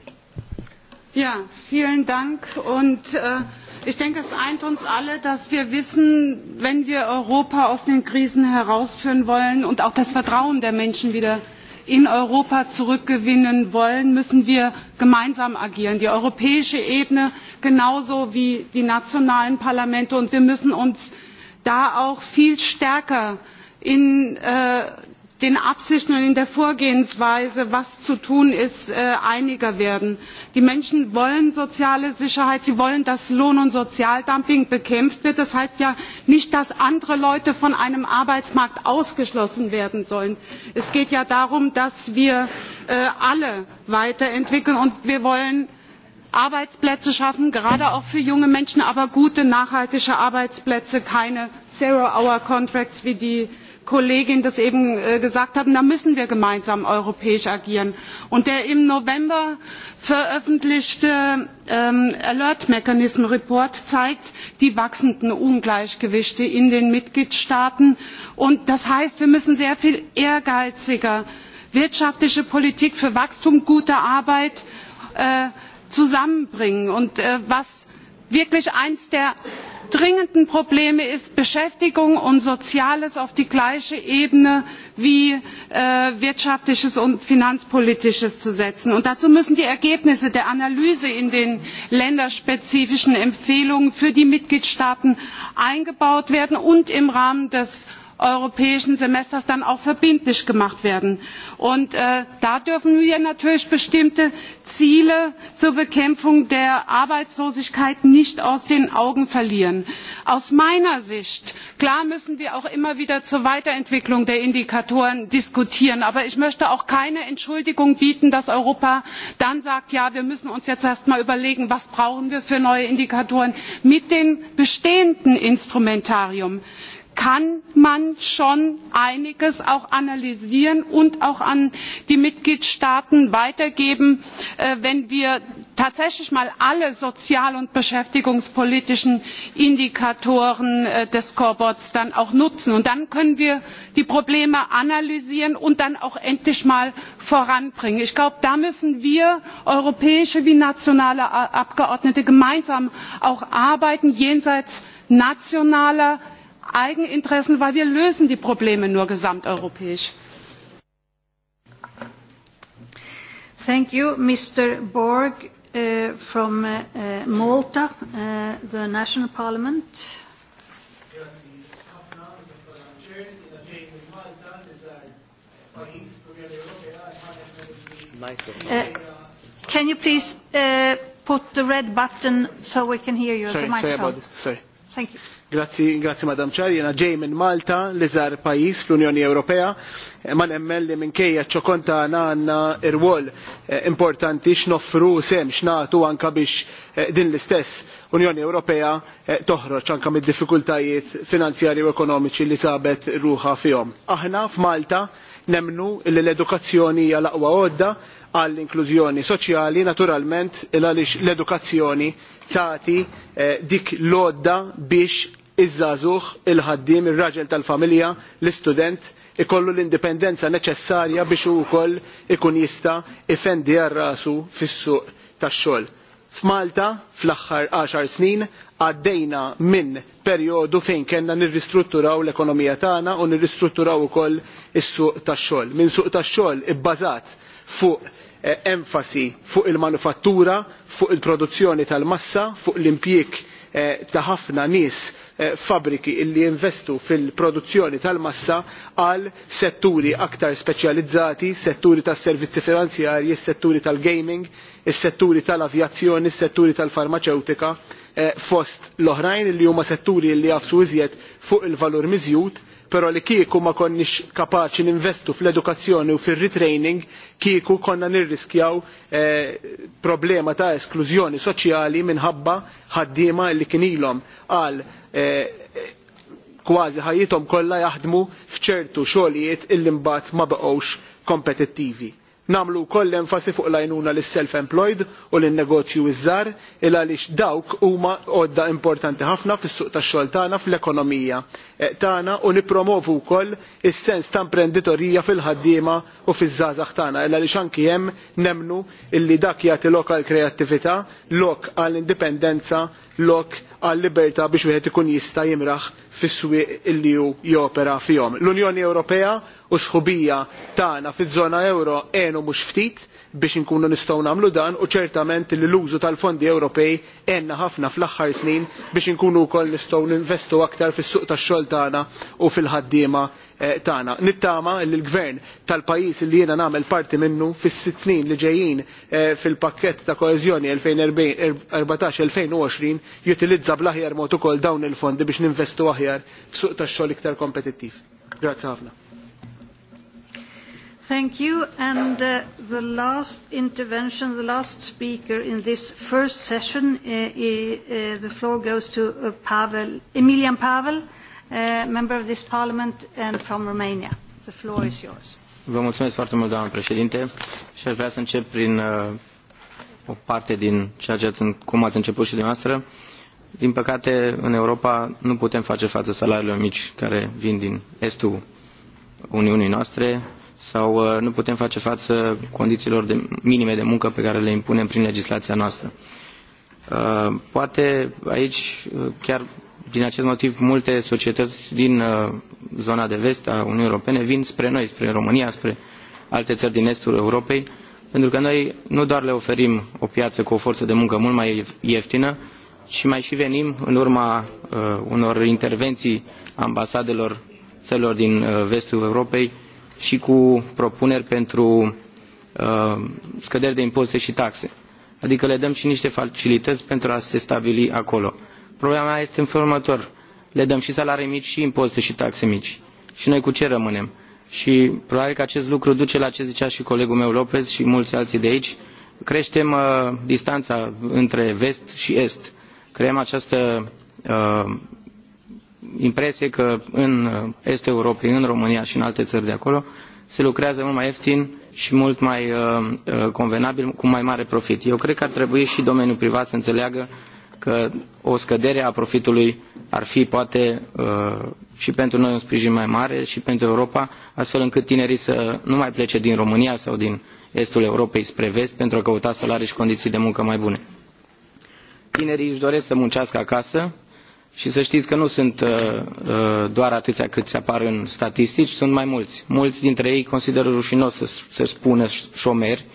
vielen Dank. Äh, ich denke, es eint uns alle, dass wir wissen, wenn wir Europa aus den Krisen herausführen wollen und auch das Vertrauen der Menschen wieder in Europa zurückgewinnen wollen, müssen wir gemeinsam agieren. Die europäische Ebene genauso wie die nationalen Parlamente. Und wir müssen uns da auch viel stärker in äh, den absichten und in der vorgehensweise was zu tun ist äh, einiger werden. die menschen wollen soziale sicherheit sie wollen dass lohn und sozialdumping bekämpft wird. das heißt ja nicht dass andere leute von einem arbeitsmarkt ausgeschlossen werden sollen. es geht ja darum dass wir äh, alle weiterentwickeln und wir wollen arbeitsplätze schaffen gerade auch für junge menschen aber gute nachhaltige arbeitsplätze keine zero hour contracts wie die kollegin das eben äh, gesagt haben da müssen wir gemeinsam europäisch agieren. der im november veröffentlichte ähm, alert mechanism report zeigt die wachsenden ungleichgewichte in den mitgliedstaaten und das heißt wir müssen sehr viel ehrgeiziger wirtschaftliche politik für wachstum und gute arbeit äh, zusammenbringen. Äh, was wirklich eines der dringenden probleme ist beschäftigung und soziales auf die gleiche ebene wie äh, wirtschaftliches und finanzpolitisches zu setzen. und dazu müssen die ergebnisse der analyse in den länderspezifischen empfehlungen für die mitgliedstaaten eingebaut werden und im rahmen des europäischen semesters dann auch verbindlich gemacht werden. Äh, da dürfen wir natürlich bestimmte ziele zur bekämpfung der arbeitslosigkeit nicht aus den augen verlieren. aus meiner sicht klar müssen wir auch immer wieder zur weiterentwicklung der indikatoren diskutieren aber ich möchte auch keine entschuldigung bieten dass europa dann sagt ja wir müssen uns jetzt erst einmal überlegen was brauchen wir für neue indikatoren mit dem bestehenden instrumentarium? kann man schon einiges auch analysieren und auch an die mitgliedstaaten weitergeben äh, wenn wir tatsächlich mal alle sozial und beschäftigungspolitischen indikatoren äh, des scoreboards dann auch nutzen. dann können wir die probleme analysieren und dann auch endlich mal voranbringen. ich glaube da müssen wir europäische wie nationale äh, abgeordnete gemeinsam auch arbeiten jenseits nationaler eigeninteressen denn wir lösen die probleme nur gesamteuropäisch. You, mr borg uh, from uh, malta uh, the national parliament. can you please put the red button so we can hear you? Sorry, sorry, about this. sorry. Thank you. Grazzi, Madam Chair, jena ġej minn Malta li żar pajjiż fl-Unjoni Ewropea, eh, ma nemmen li minkejja ċokon tagħna għandna irwol eh, importanti x'noffru sem x'nagħtu anke biex eh, din l-istess Unjoni Ewropea toħroġ anke mid-diffikultajiet finanzjarji u ekonomiċi li sabet ruħha fihom. Aħna f'Malta nemnu li l-edukazzjoni hija l-aqwa għodda għall-inklużjoni soċjali naturalment għaliex l-edukazzjoni tagħti dik l-għodda biex iż-żagħżugħ il-ħaddiem ir-raġel tal-familja l-istudent ikollu l-indipendenza neċessarja biex hu wkoll ikun jista' ifendi għal rasu fis-suq tax-xogħol. F'Malta fl-aħħar 10 snin għaddejna minn perjodu fejn kellna nirristrutturaw l-ekonomija tagħna u nirristrutturaw ukoll is-suq tax-xogħol. Minn suq tax-xogħol ibbażat fuq eh, enfasi fuq il-manufattura, fuq il-produzzjoni tal-massa, fuq l-impjieg eh, ta' ħafna nies Eh, fabbriki li jinvestu fil-produzzjoni tal-massa għal setturi aktar speċjalizzati, setturi tas-servizzi finanzjarji, setturi tal-gaming, setturi tal-avjazzjoni, setturi tal-farmaceutika eh, fost l-oħrajn li huma setturi li jafsu iżjed fuq il-valur miżjud però li kieku ma konniex kapaċi ninvestu fl-edukazzjoni u fir-retraining kieku konna nirriskjaw eh, problema ta' esklużjoni soċjali minħabba ħaddiema li kien ilhom għal eh, kważi ħajjithom kollha jaħdmu f'ċertu xogħlijiet illi mbagħad ma beqgħux kompetittivi nagħmlu wkoll enfasi fuq l-għajnuna lis self employed u lin negozju iż-żgħar il għaliex dawk huma għodda importanti ħafna fis-suq tax-xogħol tagħna fl-ekonomija e, tagħna u nippromovu wkoll is-sens ta' imprenditorija fil-ħaddiema u fiż-żgħażagħ tagħna il għaliex anki hemm nemmnu illi dak jagħti lok għall kreattività lok għall indipendenza lok għal libertà biex wieħed ikun jista' jimraħ fis-swieq illi hu jopera fihom. L-Unjoni Ewropea u sħubija tagħna fiż-żona euro għenu mhux ftit biex inkunu nistgħu nagħmlu dan u ċertament li l-użu tal-fondi Ewropej għenna ħafna fl-aħħar snin biex inkunu wkoll nistgħu ninvestu aktar fis-suq tax-xogħol tagħna u fil-ħaddiema Eh, tagħna. Nittama li l-gvern tal-pajjiż li jiena nagħmel parti minnu fis-sitt snin li ġejjin eh, fil-pakkett ta' koeżjoni 2014-2020 jutilizza bl-aħjar mod ukoll dawn il-fondi biex ninvestu aħjar f'suq tax-xogħol iktar kompetittiv. Grazzi ħafna. Thank you. And uh, the last intervention, the last speaker in this first session, uh, uh, the floor goes to uh, Pavel, Emilian Pavel Uh, member of this parliament and from Romania. The floor is yours. Vă mulțumesc foarte mult, doamnă președinte, și aș vrea să încep prin uh, o parte din ceea ce ați, cum ați început și dumneavoastră. Din păcate, în Europa nu putem face față salariilor mici care vin din estul Uniunii noastre sau uh, nu putem face față condițiilor de, minime de muncă pe care le impunem prin legislația noastră. Uh, poate aici uh, chiar din acest motiv multe societăți din uh, zona de vest a Uniunii Europene vin spre noi, spre România, spre alte țări din estul Europei, pentru că noi nu doar le oferim o piață cu o forță de muncă mult mai ieftină, ci mai și venim în urma uh, unor intervenții ambasadelor țărilor din uh, vestul Europei și cu propuneri pentru scăderi de impozite și taxe. Adică le dăm și niște facilități pentru a se stabili acolo Problema mea este în felul următor. Le dăm și salarii mici și impozite și taxe mici. Și noi cu ce rămânem? Și probabil că acest lucru duce la ce zicea și colegul meu Lopez și mulți alții de aici. Creștem uh, distanța între vest și est. Creăm această uh, impresie că în uh, estul Europei, în România și în alte țări de acolo, se lucrează mult mai ieftin și mult mai uh, uh convenabil, cu mai mare profit. Eu cred că ar trebui și domeniul privat să înțeleagă că o scădere a profitului ar fi poate uh, și pentru noi un sprijin mai mare și pentru Europa, astfel încât tinerii să nu mai plece din România sau din estul Europei spre vest pentru a căuta salarii și condiții de muncă mai bune. Tinerii își doresc să muncească acasă și să știți că nu sunt uh, uh, doar atâția cât se apar în statistici, sunt mai mulți. Mulți dintre ei consideră rușinos să, să spună șomeri, uh,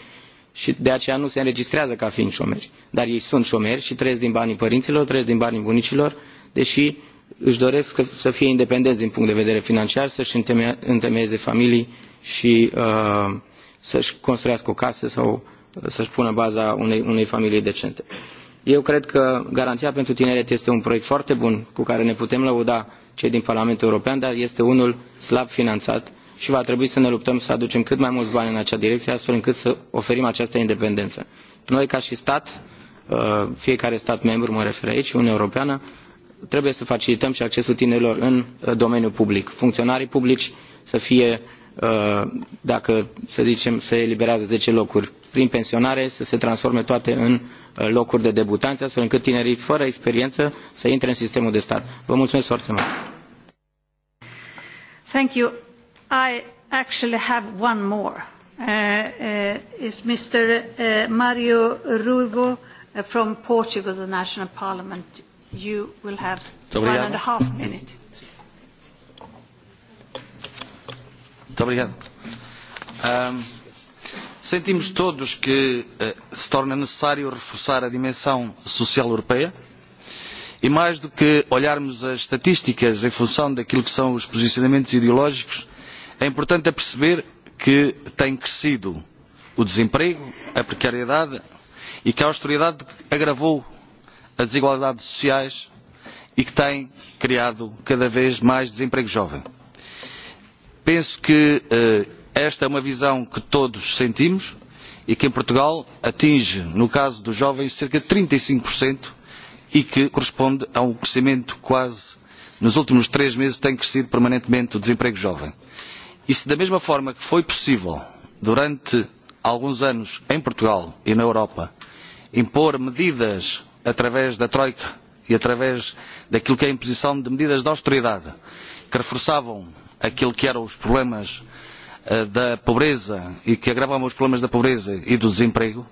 și de aceea nu se înregistrează ca fiind șomeri. Dar ei sunt șomeri și trăiesc din banii părinților, trăiesc din banii bunicilor, deși își doresc să fie independenți din punct de vedere financiar, să-și întemeieze familii și uh, să-și construiască o casă sau uh, să-și pună baza unei, unei familii decente. Eu cred că Garanția pentru Tineret este un proiect foarte bun cu care ne putem lăuda cei din Parlamentul European, dar este unul slab finanțat și va trebui să ne luptăm să aducem cât mai mulți bani în acea direcție, astfel încât să oferim această independență. Noi, ca și stat, uh, fiecare stat membru, mă refer aici, Uniunea Europeană, trebuie să facilităm și accesul tinerilor în uh, domeniul public. Funcționarii publici să fie, uh, dacă să zicem se eliberează 10 locuri prin pensionare, să se transforme toate în locuri de debutanți, astfel încât tinerii fără experiență să intre în sistemul de stat. Vă mulțumesc foarte mult! Thank you. I actually have one more. Uh, uh is Mr. Uh, Mario Rugo uh, from Portugal, the National Parliament. You will have one and a half minute. Um, sentimos todos que uh, se torna necessário reforçar a dimensão social europeia e mais do que olharmos as estatísticas em função daquilo que são os posicionamentos ideológicos É importante perceber que tem crescido o desemprego, a precariedade e que a austeridade agravou as desigualdades sociais e que tem criado cada vez mais desemprego jovem. Penso que eh, esta é uma visão que todos sentimos e que em Portugal atinge, no caso dos jovens, cerca de trinta e 35% e que corresponde a um crescimento quase, nos últimos três meses tem crescido permanentemente o desemprego jovem E se da mesma forma que foi possível, durante alguns anos em Portugal e na Europa, impor medidas através da Troika e através daquilo que é a imposição de medidas de austeridade que reforçavam aquilo que eram os problemas eh, da pobreza e que agravavam os problemas da pobreza e do desemprego,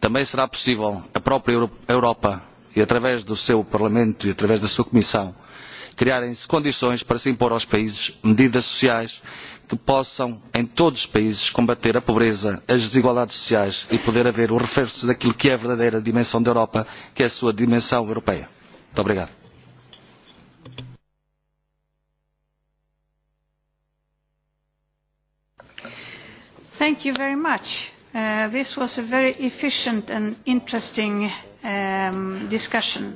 também será possível a própria Europa, e através do seu Parlamento e através da sua Comissão, criarem-se condições para se impor aos países medidas sociais que possam, em todos os países, combater a pobreza, as desigualdades sociais e poder haver o reforço daquilo que é a verdadeira dimensão da Europa, que é a sua dimensão europeia. Muito obrigado. Thank you very much. Uh, this was a very efficient and interesting um, discussion.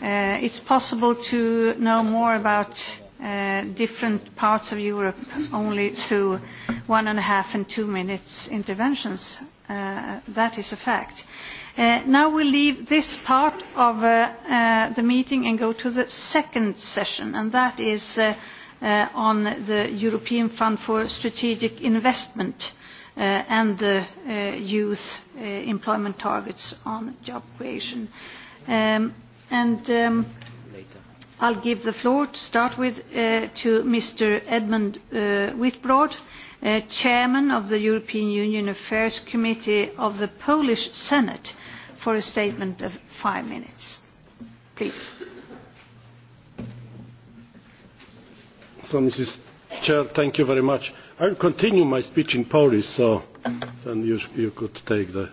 Uh, it's possible to know more about Uh, different parts of Europe only through one and a half and two minutes interventions. Uh, that is a fact. Uh, now we leave this part of the meeting and go to the second session, and that is on the European Fund for Strategic Investment and the youth employment targets on job creation. Um, and um, later I'll give the floor to start with uh, to Mr. Edmund uh, Whitbroad, uh, Chairman of the European Union Affairs Committee of the Polish Senate, for a statement of five minutes. Please. So, Mrs. Chair, thank you very much. I will continue my speech in Polish, so then you, you could take the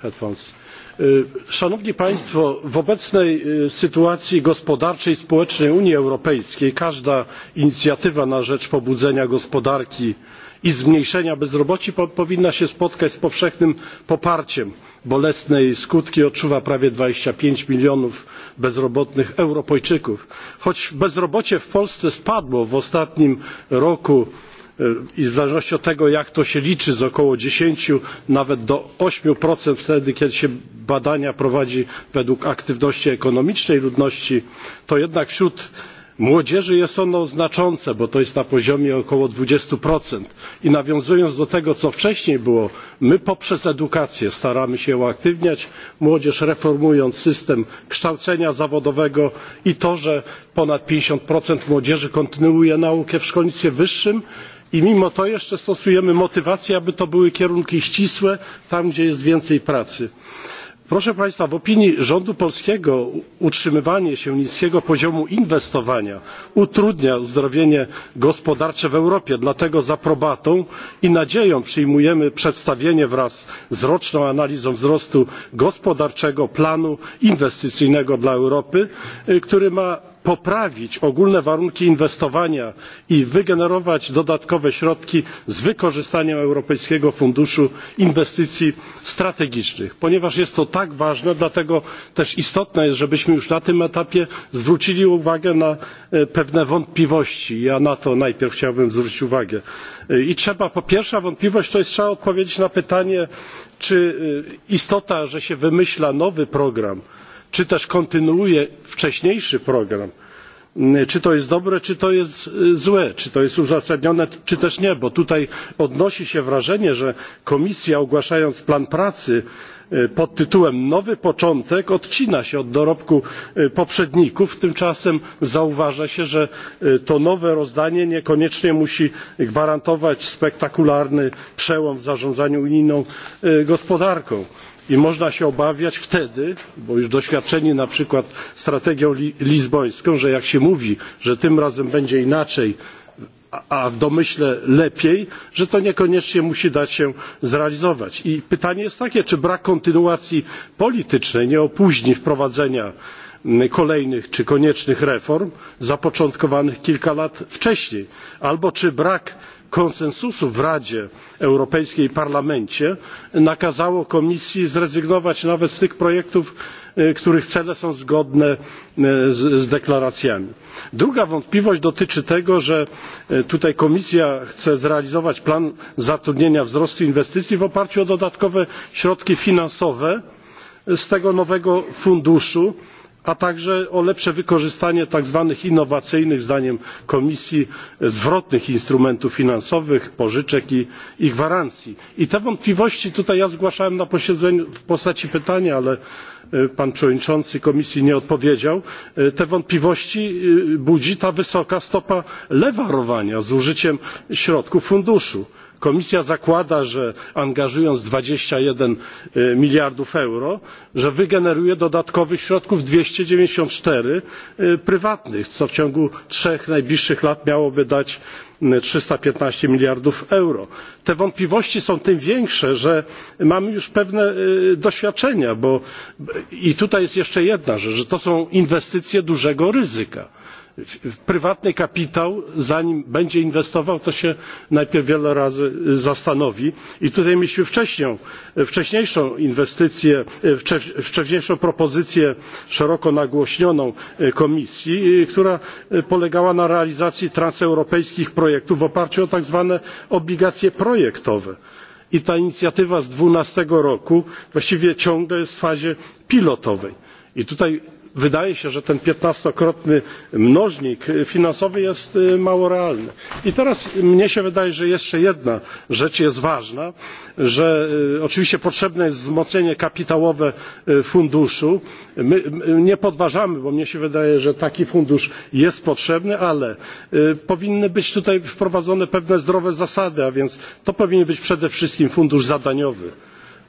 headphones E, szanowni państwo! w obecnej e, sytuacji gospodarczej i społecznej unii europejskiej każda inicjatywa na rzecz pobudzenia gospodarki i zmniejszenia bezrobocia powinna się spotkać z powszechnym poparciem. bolesne jej skutki odczuwa prawie dwadzieścia pięć milionów bezrobotnych europejczyków. choć bezrobocie w polsce spadło w ostatnim roku E, i w zależności od tego jak to się liczy z około dziesięć nawet do osiem wtedy kiedy się badania prowadzi według aktywności ekonomicznej ludności to jednak wśród młodzieży jest ono znaczące bo to jest na poziomie około dwadzieścia i nawiązując do tego co wcześniej było my poprzez edukację staramy się uaktywniać młodzież reformując system kształcenia zawodowego i to że ponad pięćdziesiąt młodzieży kontynuuje naukę w szkolnictwie wyższym i mimo to jeszcze stosujemy motywację aby to były kierunki ścisłe tam gdzie jest więcej pracy. proszę państwa w opinii rządu polskiego utrzymywanie się niskiego poziomu inwestowania utrudnia uzdrowienie gospodarcze w europie dlatego z aprobatą i nadzieją przyjmujemy przedstawienie wraz z roczną analizą wzrostu gospodarczego planu inwestycyjnego dla europy który ma poprawić ogólne warunki inwestowania i wygenerować dodatkowe środki z wykorzystaniem europejskiego funduszu inwestycji strategicznych. ponieważ jest to tak ważne dlatego też istotne jest żebyśmy już na tym etapie zwrócili uwagę na e, pewne wątpliwości ja na to najpierw chciałbym zwrócić uwagę. E, i trzeba po pierwsza wątpliwość to jest trzeba odpowiedzieć na pytanie czy e, istota że się wymyśla nowy program czy też kontynuuje wcześniejszy program mm, czy to jest dobre czy to jest złe czy to jest uzasadnione czy też nie bo tutaj odnosi się wrażenie że komisja ogłaszając plan pracy pod tytułem nowy początek odcina się od dorobku poprzedników tymczasem zauważa się że to nowe rozdanie niekoniecznie musi gwarantować spektakularny przełom w zarządzaniu unijną gospodarką i można się obawiać wtedy bo już doświadczeni na przykład strategią lizbońską że jak się mówi że tym razem będzie inaczej a w domyśle lepiej że to niekoniecznie musi dać się zrealizować. i pytanie jest takie czy brak kontynuacji politycznej nie opóźni wprowadzenia tego Mm, kolejnych czy koniecznych reform zapoczątkowanych kilka lat wcześniej albo czy brak konsensusu w radzie europejskiej i parlamencie nakazało komisji zrezygnować nawet z tych projektów których cele są zgodne z deklaracjami. druga wątpliwość dotyczy tego że tutaj komisja chce zrealizować plan zatrudnienia wzrostu inwestycji w oparciu o dodatkowe środki finansowe z tego nowego funduszu a także o lepsze wykorzystanie tak zwanych innowacyjnych zdaniem komisji zwrotnych instrumentów finansowych pożyczek i gwarancji. i te wątpliwości tutaj ja zgłaszałem na posiedzeniu w postaci pytania ale e, pan przewodniczący komisji nie odpowiedział. E, te wątpliwości e, budzi ta wysoka stopa lewarowania z użyciem środków funduszu komisja zakłada że angażując dwadzieścia jeden e, miliardów euro że wygeneruje dodatkowych środków dwieście dziewięćdzisiąt cztery e, prywatnych co w ciągu trzech najbliższych lat miałoby dać trzysta piętnaście miliardów euro. te wątpliwości są tym większe że mamy już pewne e, doświadczenia i tutaj jest jeszcze jedna rzecz że to są inwestycje dużego ryzyka prywatny kapitał zanim będzie inwestował to się najpierw wiele razy zastanowi i tutaj mieliśmy wcześniejszą inwestycję wcześniejszą propozycję szeroko nagłośnioną komisji która polegała na realizacji transeuropejskich projektów w oparciu o tak zwane obligacje projektowe i ta inicjatywa z dwa tysiące dwanaście roku właściwie ciągle jest w fazie pilotowej i tutaj wydaje się że ten piętnastokrotny mnożnik finansowy jest mało realny. i teraz mnie się wydaje że jeszcze jedna rzecz jest ważna że oczywiście potrzebne jest wzmocnienie kapitałowe funduszu my nie podważamy bo mnie się wydaje że taki fundusz jest potrzebny ale powinny być tutaj wprowadzone pewne zdrowe zasady a więc to powinien być przede wszystkim fundusz zadaniowy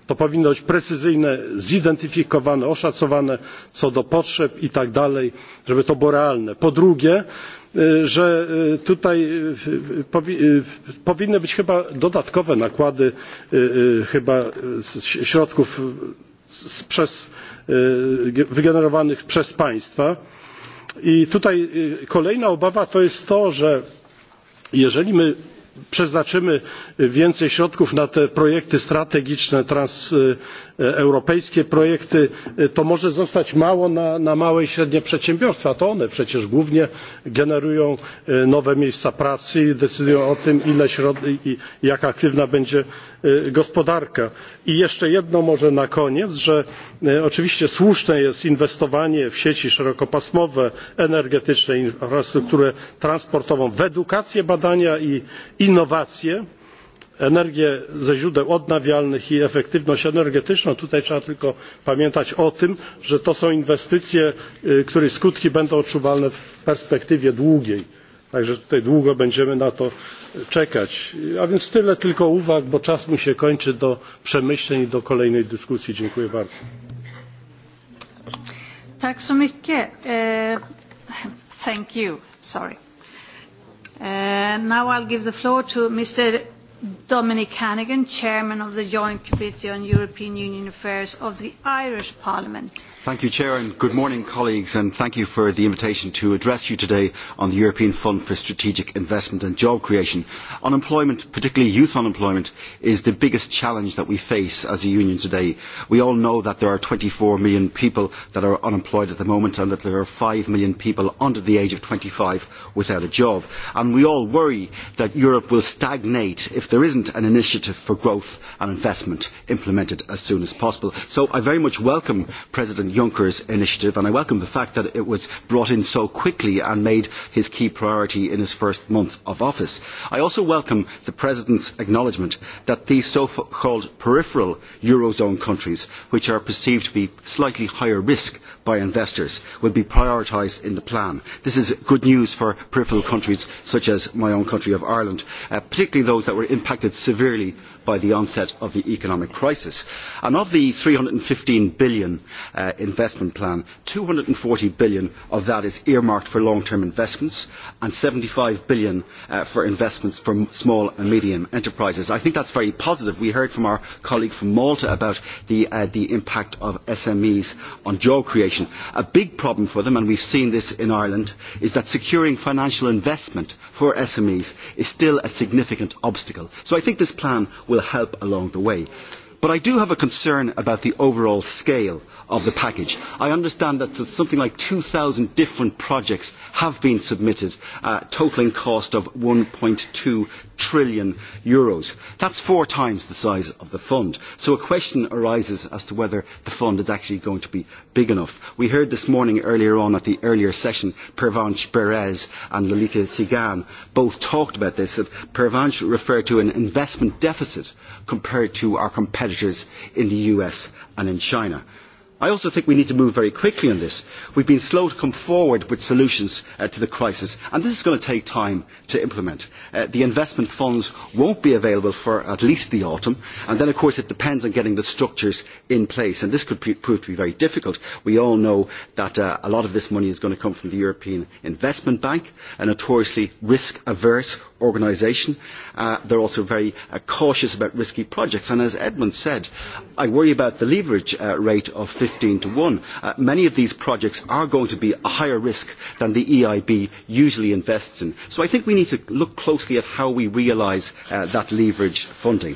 to powinno być precyzyjne zidentyfikowane oszacowane co do potrzeb i tak dalej żeby to było realne. po drugie że tutaj powinny być chyba dodatkowe nakłady chyba środków wygenerowanych przez państwa i tutaj kolejna obawa to jest to że jeżeli my przeznaczymy więcej środków na te projekty strategiczne E, europejskie projekty e, to może zostać mało na, małe i średnie przedsiębiorstwa to one przecież głównie generują e, nowe miejsca pracy i decydują o tym ile i jak aktywna będzie gospodarka. i jeszcze jedno może na koniec że oczywiście słuszne jest inwestowanie w sieci szerokopasmowe energetyczne infrastrukturę transportową w edukację badania i innowacje energię ze źródeł odnawialnych i efektywność energetyczną tutaj trzeba tylko pamiętać o tym że to są inwestycje których skutki będą odczuwalne w perspektywie długiej tak że tutaj długo będziemy na to czekać. a więc tyle tylko uwag bo czas mi się kończy do przemyśleń i do kolejnej dyskusji. dziękuję bardzo. Dominic Hannigan, Chairman of the Joint Committee on European Union Affairs of the Irish Parliament. Thank you, Chair, and good morning, colleagues, and thank you for the invitation to address you today on the European Fund for Strategic Investment and Job Creation. Unemployment, particularly youth unemployment, is the biggest challenge that we face as a union today. We all know that there are 24 million people that are unemployed at the moment and that there are 5 million people under the age of 25 without a job. And we all worry that Europe will stagnate if there is not an initiative for growth and investment implemented as soon as possible. so i very much welcome president juncker's initiative and i welcome the fact that it was brought in so quickly and made his key priority in his first month of office. i also welcome the president's acknowledgement that these so called peripheral eurozone countries which are perceived to be slightly higher risk by investors will be prioritised in the plan. This is good news for peripheral countries such as my own country of Ireland, uh, particularly those that were impacted severely by the onset of the economic crisis. And of the 315 billion uh, investment plan, 240 billion of that is earmarked for long-term investments and 75 billion uh, for investments for small and medium enterprises. I think that's very positive. We heard from our colleague from Malta about the, uh, the impact of SMEs on job creation. A big problem for them, and we've seen this in Ireland, is that securing financial investment for SMEs is still a significant obstacle. So I think this plan will help along the way. But I do have a concern about the overall scale of the package. I understand that something like 2,000 different projects have been submitted, uh, totalling cost of 1.2 trillion euros. That's four times the size of the fund. So a question arises as to whether the fund is actually going to be big enough. We heard this morning earlier on at the earlier session, Pervanch Perez and Lolita Sigan both talked about this. That Pervanch referred to an investment deficit compared to our competitors in the US and in China. I also think we need to move very quickly on this. We've been slow to come forward with solutions uh, to the crisis, and this is going to take time to implement. Uh, the investment funds won't be available for at least the autumn, and then, of course, it depends on getting the structures in place, and this could prove to be very difficult. We all know that uh, a lot of this money is going to come from the European Investment Bank, a notoriously risk-averse organisation. Uh, they're also very uh, cautious about risky projects. And as Edmund said, I worry about the leverage uh, rate of 15 to 1. Uh, many of these projects are going to be a higher risk than the EIB usually invests in. So I think we need to look closely at how we realise uh, that leverage funding.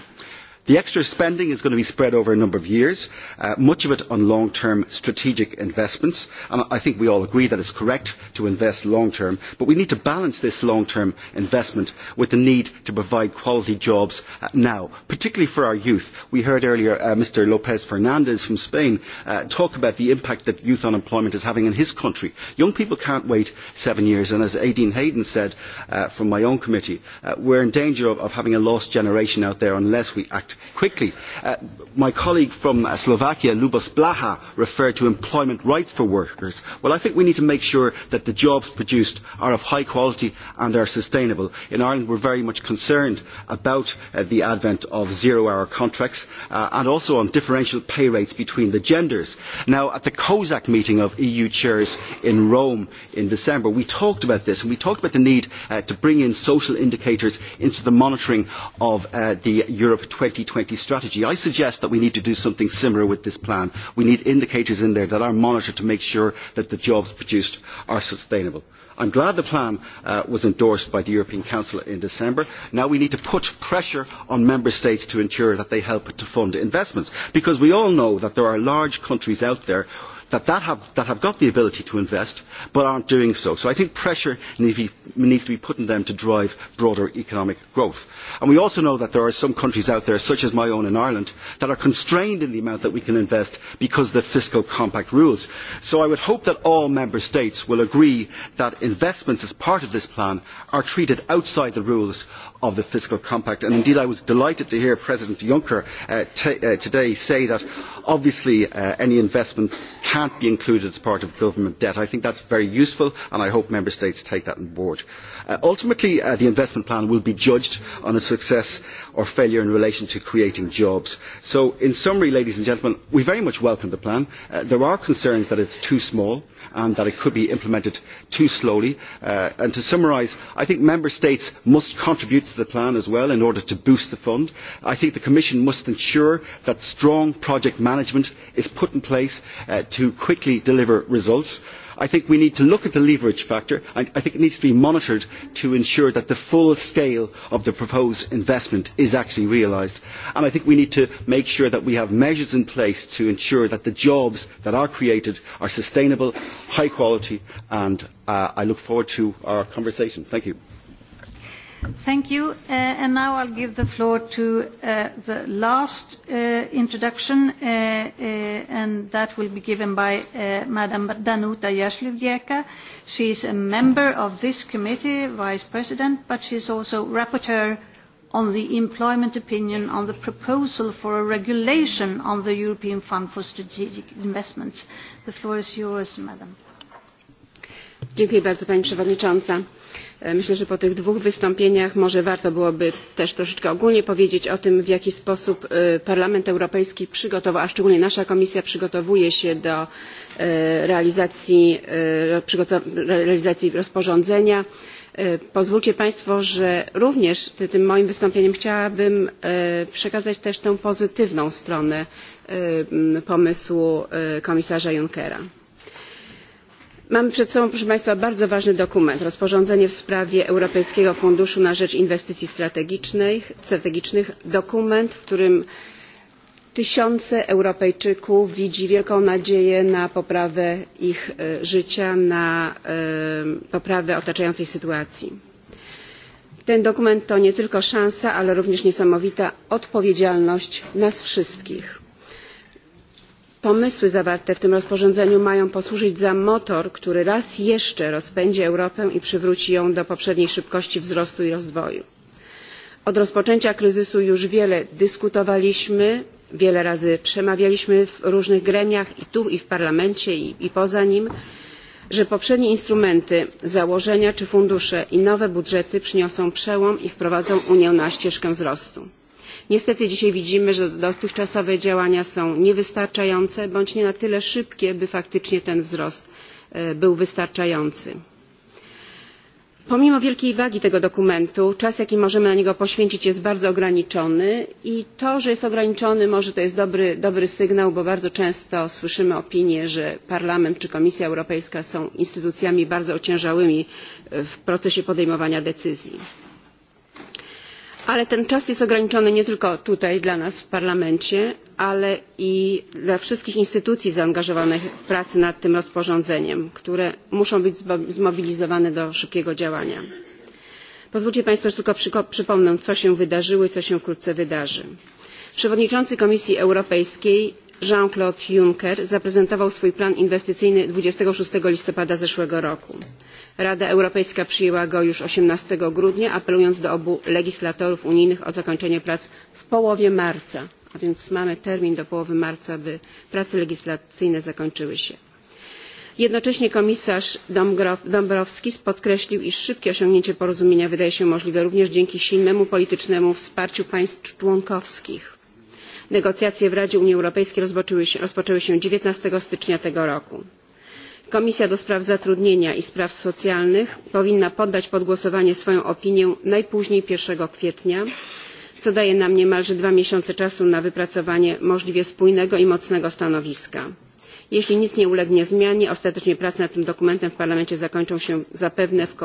The extra spending is going to be spread over a number of years, uh, much of it on long-term strategic investments. And I think we all agree that it's correct to invest long-term, but we need to balance this long-term investment with the need to provide quality jobs uh, now, particularly for our youth. We heard earlier uh, Mr. Lopez Fernandez from Spain uh, talk about the impact that youth unemployment is having in his country. Young people can't wait seven years, and as Aideen Hayden said uh, from my own committee, uh, we're in danger of, of having a lost generation out there unless we act quickly. Uh, my colleague from uh, Slovakia, Lubos Blaha, referred to employment rights for workers. Well, I think we need to make sure that the jobs produced are of high quality and are sustainable. In Ireland, we're very much concerned about uh, the advent of zero-hour contracts uh, and also on differential pay rates between the genders. Now, at the COSAC meeting of EU chairs in Rome in December, we talked about this and we talked about the need uh, to bring in social indicators into the monitoring of uh, the Europe 20 2020 strategy. I suggest that we need to do something similar with this plan. We need indicators in there that are monitored to make sure that the jobs produced are sustainable. I'm glad the plan uh, was endorsed by the European Council in December. Now we need to put pressure on member states to ensure that they help to fund investments because we all know that there are large countries out there that, that, have, that have got the ability to invest but aren't doing so. So I think pressure needs to, be, needs to be put on them to drive broader economic growth. And we also know that there are some countries out there, such as my own in Ireland, that are constrained in the amount that we can invest because of the fiscal compact rules. So I would hope that all member states will agree that investments as part of this plan are treated outside the rules of the fiscal compact. And indeed, I was delighted to hear President Juncker uh, uh, today say that obviously uh, any investment can cannot be included as part of government debt. i think that is very useful and i hope member states take that on board. Uh, ultimately uh, the investment plan will be judged on its success or failure in relation to creating jobs. So in summary, ladies and gentlemen, we very much welcome the plan. Uh, there are concerns that it's too small and that it could be implemented too slowly. Uh, and to summarise, I think member states must contribute to the plan as well in order to boost the fund. I think the Commission must ensure that strong project management is put in place uh, to quickly deliver results. I think we need to look at the leverage factor and I think it needs to be monitored to ensure that the full scale of the proposed investment is actually realised. And I think we need to make sure that we have measures in place to ensure that the jobs that are created are sustainable, high quality and uh, I look forward to our conversation. Thank you. Thank you. Uh, and now I'll give the floor to uh, the last uh, introduction, uh, uh, and that will be given by uh, Madam Danuta Jasluvjeka. She is a member of this committee, Vice President, but she is also Rapporteur on the employment opinion on the proposal for a regulation on the European Fund for Strategic Investments. The floor is yours, Madam. Dziękuję bardzo, Pani Przewodnicząca E, myślę że po tych dwóch wystąpieniach może warto byłoby też troszeczkę ogólnie powiedzieć o tym w jaki sposób e, parlament europejski przygotował a szczególnie nasza komisja przygotowuje się do e, realizacji, rozporządzenia. pozwólcie państwo że również tym moim wystąpieniem chciałabym przekazać też tę pozytywną stronę pomysłu komisarza junckera mamy przed sobą proszę państwa bardzo ważny dokument rozporządzenie w sprawie europejskiego funduszu na rzecz inwestycji strategicznych dokument w którym tysiące europejczyków widzi wielką nadzieję na poprawę ich e, życia na e, poprawę otaczającej sytuacji. ten dokument to nie tylko szansa ale również niesamowita odpowiedzialność nas wszystkich pomysły zawarte w tym rozporządzeniu mają posłużyć za motor który raz jeszcze rozpędzi europę i przywróci ją do poprzedniej szybkości wzrostu i rozwoju. od rozpoczęcia kryzysu już wiele dyskutowaliśmy wiele razy przemawialiśmy w różnych gremiach i tu i w parlamencie i, poza nim że poprzednie instrumenty założenia czy fundusze i nowe budżety przyniosą przełom i wprowadzą unię na ścieżkę wzrostu niestety dzisiaj widzimy że dotychczasowe działania są niewystarczające bądź nie na tyle szybkie by faktycznie ten wzrost e, był wystarczający. pomimo wielkiej wagi tego dokumentu czas jaki możemy na niego poświęcić jest bardzo ograniczony i to że jest ograniczony może to jest dobry, sygnał bo bardzo często słyszymy opinie że parlament czy komisja europejska są instytucjami bardzo ociężałymi e, w procesie podejmowania decyzji ale ten czas jest ograniczony nie tylko tutaj dla nas w parlamencie ale i dla wszystkich instytucji zaangażowanych w prace nad tym rozporządzeniem które muszą być zmobilizowane do szybkiego działania. pozwólcie państwo że tylko przypomnę co się wydarzyło i co się wkrótce wydarzy. przewodniczący komisji europejskiej jean claude juncker zaprezentował swój plan inwestycyjny dwadzieścia sześć listopada zeszłego roku. Rada Europejska przyjęła go już 18 grudnia, apelując do obu legislatorów unijnych o zakończenie prac w połowie marca, a więc mamy termin do połowy marca, by prace legislacyjne zakończyły się. Jednocześnie komisarz Dombrovskis podkreślił, iż szybkie osiągnięcie porozumienia wydaje się możliwe również dzięki silnemu politycznemu wsparciu państw członkowskich. Negocjacje w Radzie Unii Europejskiej rozpoczęły się, rozpoczęły się 19 stycznia tego roku komisja do spraw zatrudnienia i spraw socjalnych powinna poddać pod głosowanie swoją opinię najpóźniej jeden kwietnia co daje nam niemalże dwa miesiące czasu na wypracowanie możliwie spójnego i mocnego stanowiska. jeśli nic nie ulegnie zmianie ostatecznie prace nad tym dokumentem w parlamencie zakończą się zapewne w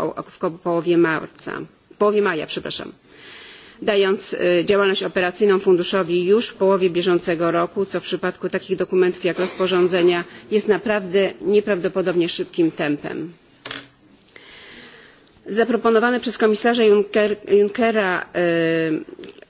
połowie marca połowie maja przepraszam dając e, działalność operacyjną funduszowi już w połowie bieżącego roku co w przypadku takich dokumentów jak rozporządzenia jest naprawdę nieprawdopodobnie szybkim tempem. zaproponowane przez komisarza junckera e,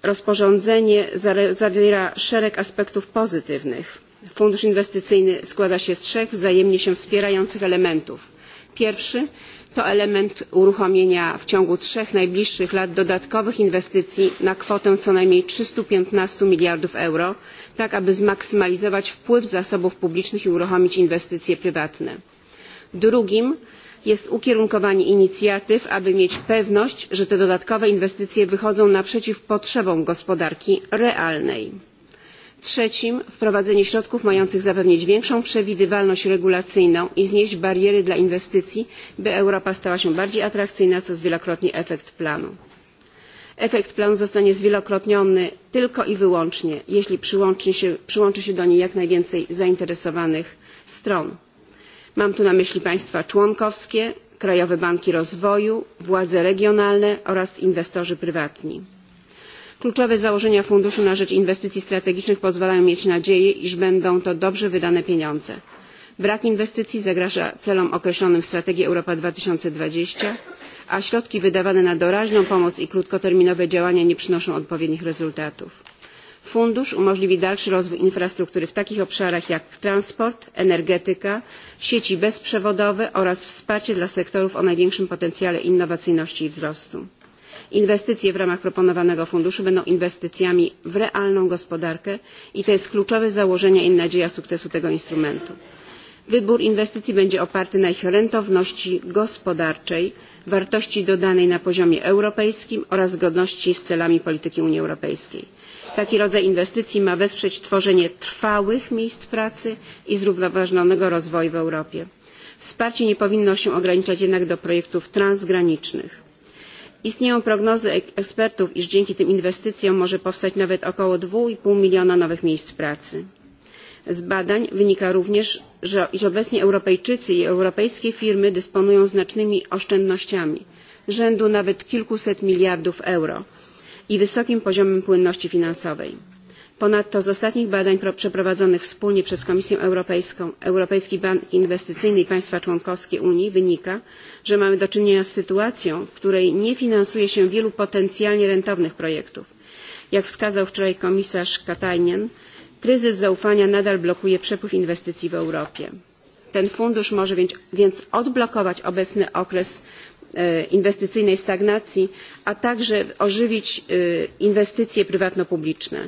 rozporządzenie zawiera szereg aspektów pozytywnych. fundusz inwestycyjny składa się z trzech wzajemnie się wspierających elementów pierwszy to element uruchomienia w ciągu trzech najbliższych lat dodatkowych inwestycji na kwotę co najmniej trzysta piętnaście miliardów euro tak aby zmaksymalizować wpływ zasobów publicznych i uruchomić inwestycje prywatne. drugim jest ukierunkowanie inicjatyw aby mieć pewność że te dodatkowe inwestycje wychodzą naprzeciw potrzebom gospodarki realnej trzecim wprowadzenie środków mających zapewnić większą przewidywalność regulacyjną i znieść bariery dla inwestycji by europa stała się bardziej atrakcyjna co zwielokrotni efekt planu. efekt planu zostanie zwielokrotniony tylko i wyłącznie jeśli przyłączy się, do niej jak najwięcej zainteresowanych stron. mam tu na myśli państwa członkowskie krajowe banki rozwoju władze regionalne oraz inwestorów prywatnych kluczowe założenia funduszu na rzecz inwestycji strategicznych pozwalają mieć nadzieję iż będą to dobrze wydane pieniądze. brak inwestycji zagraża celom określonym w strategii europa dwa tysiące dwadzieścia a środki wydawane na doraźną pomoc i krótkoterminowe działania nie przynoszą odpowiednich rezultatów. fundusz umożliwi dalszy rozwój infrastruktury w takich obszarach jak transport energetyka sieci bezprzewodowe oraz wsparcie dla sektorów o największym potencjale innowacyjności i wzrostu inwestycje w ramach proponowanego funduszu będą inwestycjami w realną gospodarkę i to jest kluczowe założenie i nadzieja sukcesu tego instrumentu. wybór inwestycji będzie oparty na ich rentowności gospodarczej wartości dodanej na poziomie europejskim oraz zgodności z celami polityki unii europejskiej. taki rodzaj inwestycji ma wesprzeć tworzenie trwałych miejsc pracy i zrównoważonego rozwoju w europie. wsparcie nie powinno się ograniczać jednak do projektów transgranicznych istnieją prognozy ekspertów iż dzięki tym inwestycjom może powstać nawet około dwa pięć miliona nowych miejsc pracy. z badań wynika również iż obecnie europejczycy i europejskie firmy dysponują znacznymi oszczędnościami rzędu nawet kilkuset miliardów euro i wysokim poziomem płynności finansowej ponadto z ostatnich badań przeprowadzonych wspólnie przez komisję europejską europejski bank inwestycyjny i państwa członkowskie unii wynika że mamy do czynienia z sytuacją w której nie finansuje się wielu potencjalnie rentownych projektów. jak wskazał wczoraj komisarz katainen kryzys zaufania nadal blokuje przepływ inwestycji w europie. ten fundusz może więc odblokować obecny okres e, inwestycyjnej stagnacji a także ożywić e, inwestycje prywatno publiczne.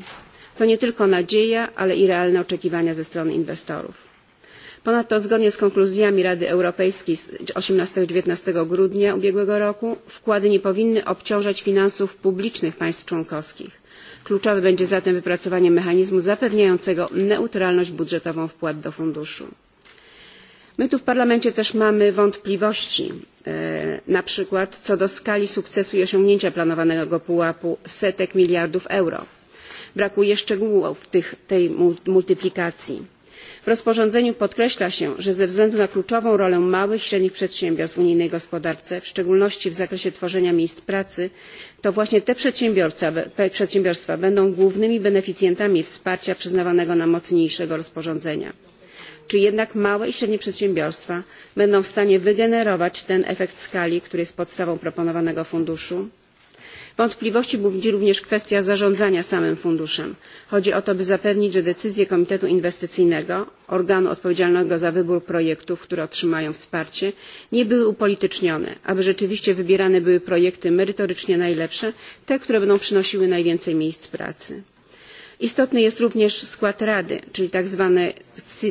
To nie tylko nadzieja, ale i realne oczekiwania ze strony inwestorów. Ponadto zgodnie z konkluzjami Rady Europejskiej z osiemnaście dziewiętnaście grudnia ubiegłego roku wkłady nie powinny obciążać finansów publicznych państw członkowskich. Kluczowe będzie zatem wypracowanie mechanizmu zapewniającego neutralność budżetową wpłat do funduszu. My tu w parlamencie też mamy wątpliwości, e, na przykład co do skali sukcesu i osiągnięcia planowanego pułapu setek miliardów euro brakuje szczegółów tej multiplikacji. w rozporządzeniu podkreśla się że ze względu na kluczową rolę małych i średnich przedsiębiorstw w unijnej gospodarce w szczególności w zakresie tworzenia miejsc pracy to właśnie te przedsiębiorstwa będą głównymi beneficjentami wsparcia przyznawanego na mocy niniejszego rozporządzenia. czy jednak małe i średnie przedsiębiorstwa będą w stanie wygenerować ten efekt skali który jest podstawą proponowanego funduszu? wątpliwości budzi również kwestia zarządzania samym funduszem. chodzi o to by zapewnić że decyzje komitetu inwestycyjnego organu odpowiedzialnego za wybór projektów które otrzymają wsparcie nie były upolitycznione aby rzeczywiście wybierane były projekty merytorycznie najlepsze te które będą przynosiły najwięcej miejsc pracy. istotny jest również skład rady czyli tak zwany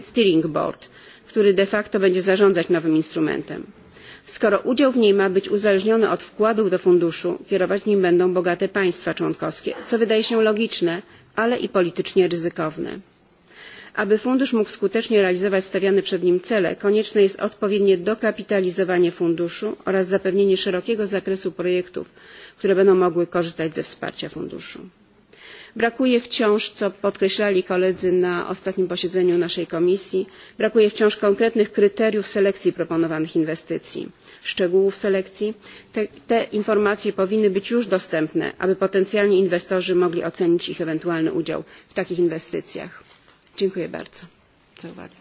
steering board który de facto będzie zarządzać nowym instrumentem skoro udział w niej ma być uzależniony od wkładów do funduszu kierować nim będą bogate państwa członkowskie co wydaje się logiczne ale i politycznie ryzykowne. aby fundusz mógł skutecznie realizować stawiane przed nim cele konieczne jest odpowiednie dokapitalizowanie funduszu oraz zapewnienie szerokiego zakresu projektów które będą mogły korzystać ze wsparcia funduszu brakuje wciąż co podkreślali koledzy na ostatnim posiedzeniu naszej komisji brakuje wciąż konkretnych kryteriów selekcji proponowanych inwestycji szczegółów selekcji. te, informacje powinny być już dostępne aby potencjalni inwestorzy mogli ocenić ich ewentualny udział w takich inwestycjach. dziękuję bardzo za uwagę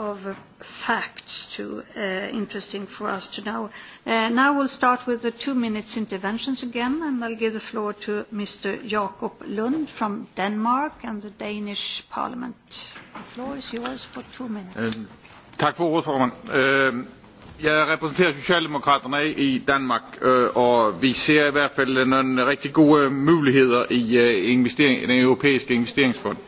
of facts too uh, interesting for us to know. Uh, now we'll start with the two minutes interventions again, and I'll give the floor to Mr. Jakob Lund from Denmark and the Danish Parliament. The floor is yours for two minutes. Um, tack för ordet, Um, jag representerar Socialdemokraterna i Danmark och øh, vi ser i alla fall några riktigt goda möjligheter i, øh, investering, den europeiska investeringsfonden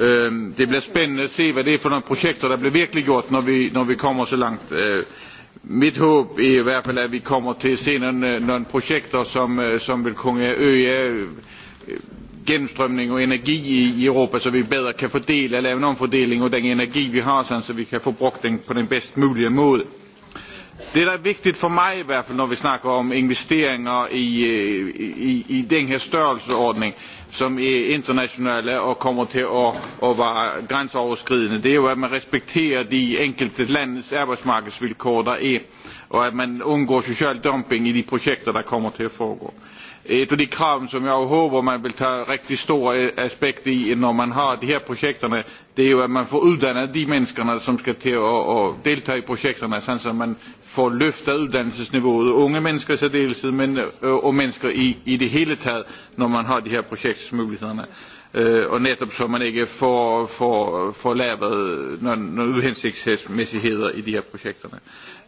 Ehm, det blir spännande att se vad det er for projekt prosjekter det blir virkelig gjort når vi, när vi kommer så långt. Ehm, mitt hopp är i hvert fall att vi kommer till att se någon, någon projekt som, eh, som vill kunna øke eh, gennemstrømning och energi i, Europa, så vi bättre kan fördela eller även omfördelning av den energi vi har, sådan, så vi kan få brugt den på den bäst möjliga mån. Det der er vigtigt for mig i hvert fall, når vi snakker om investeringer i, eh, i, i den her størrelseordning, som er internasjonale og kommer att vara gränsöverskridande. være grenseoverskridende. Det er jo man respekterar de enskilda ländernas arbetsmarknadsvillkor er, och att man undgår social dumping i de projekt som kommer att pågå. Ett av de krav som jag hoppas att man vill ta riktigt stor aspekt i når man har de här projekten är er att man får utbilda de människor som skal til å, å delta i prosjektene, sånn at man får løftet uddannelsesniveauet, Unge mennesker i særdeleshed, men, øh, og mennesker i, i det hele taget, når man har de her prosjektmulighetene. Øh, og netop så man ikke får, får, får lavet nogle, nogle uhensigtsmæssigheder i de her projekterne.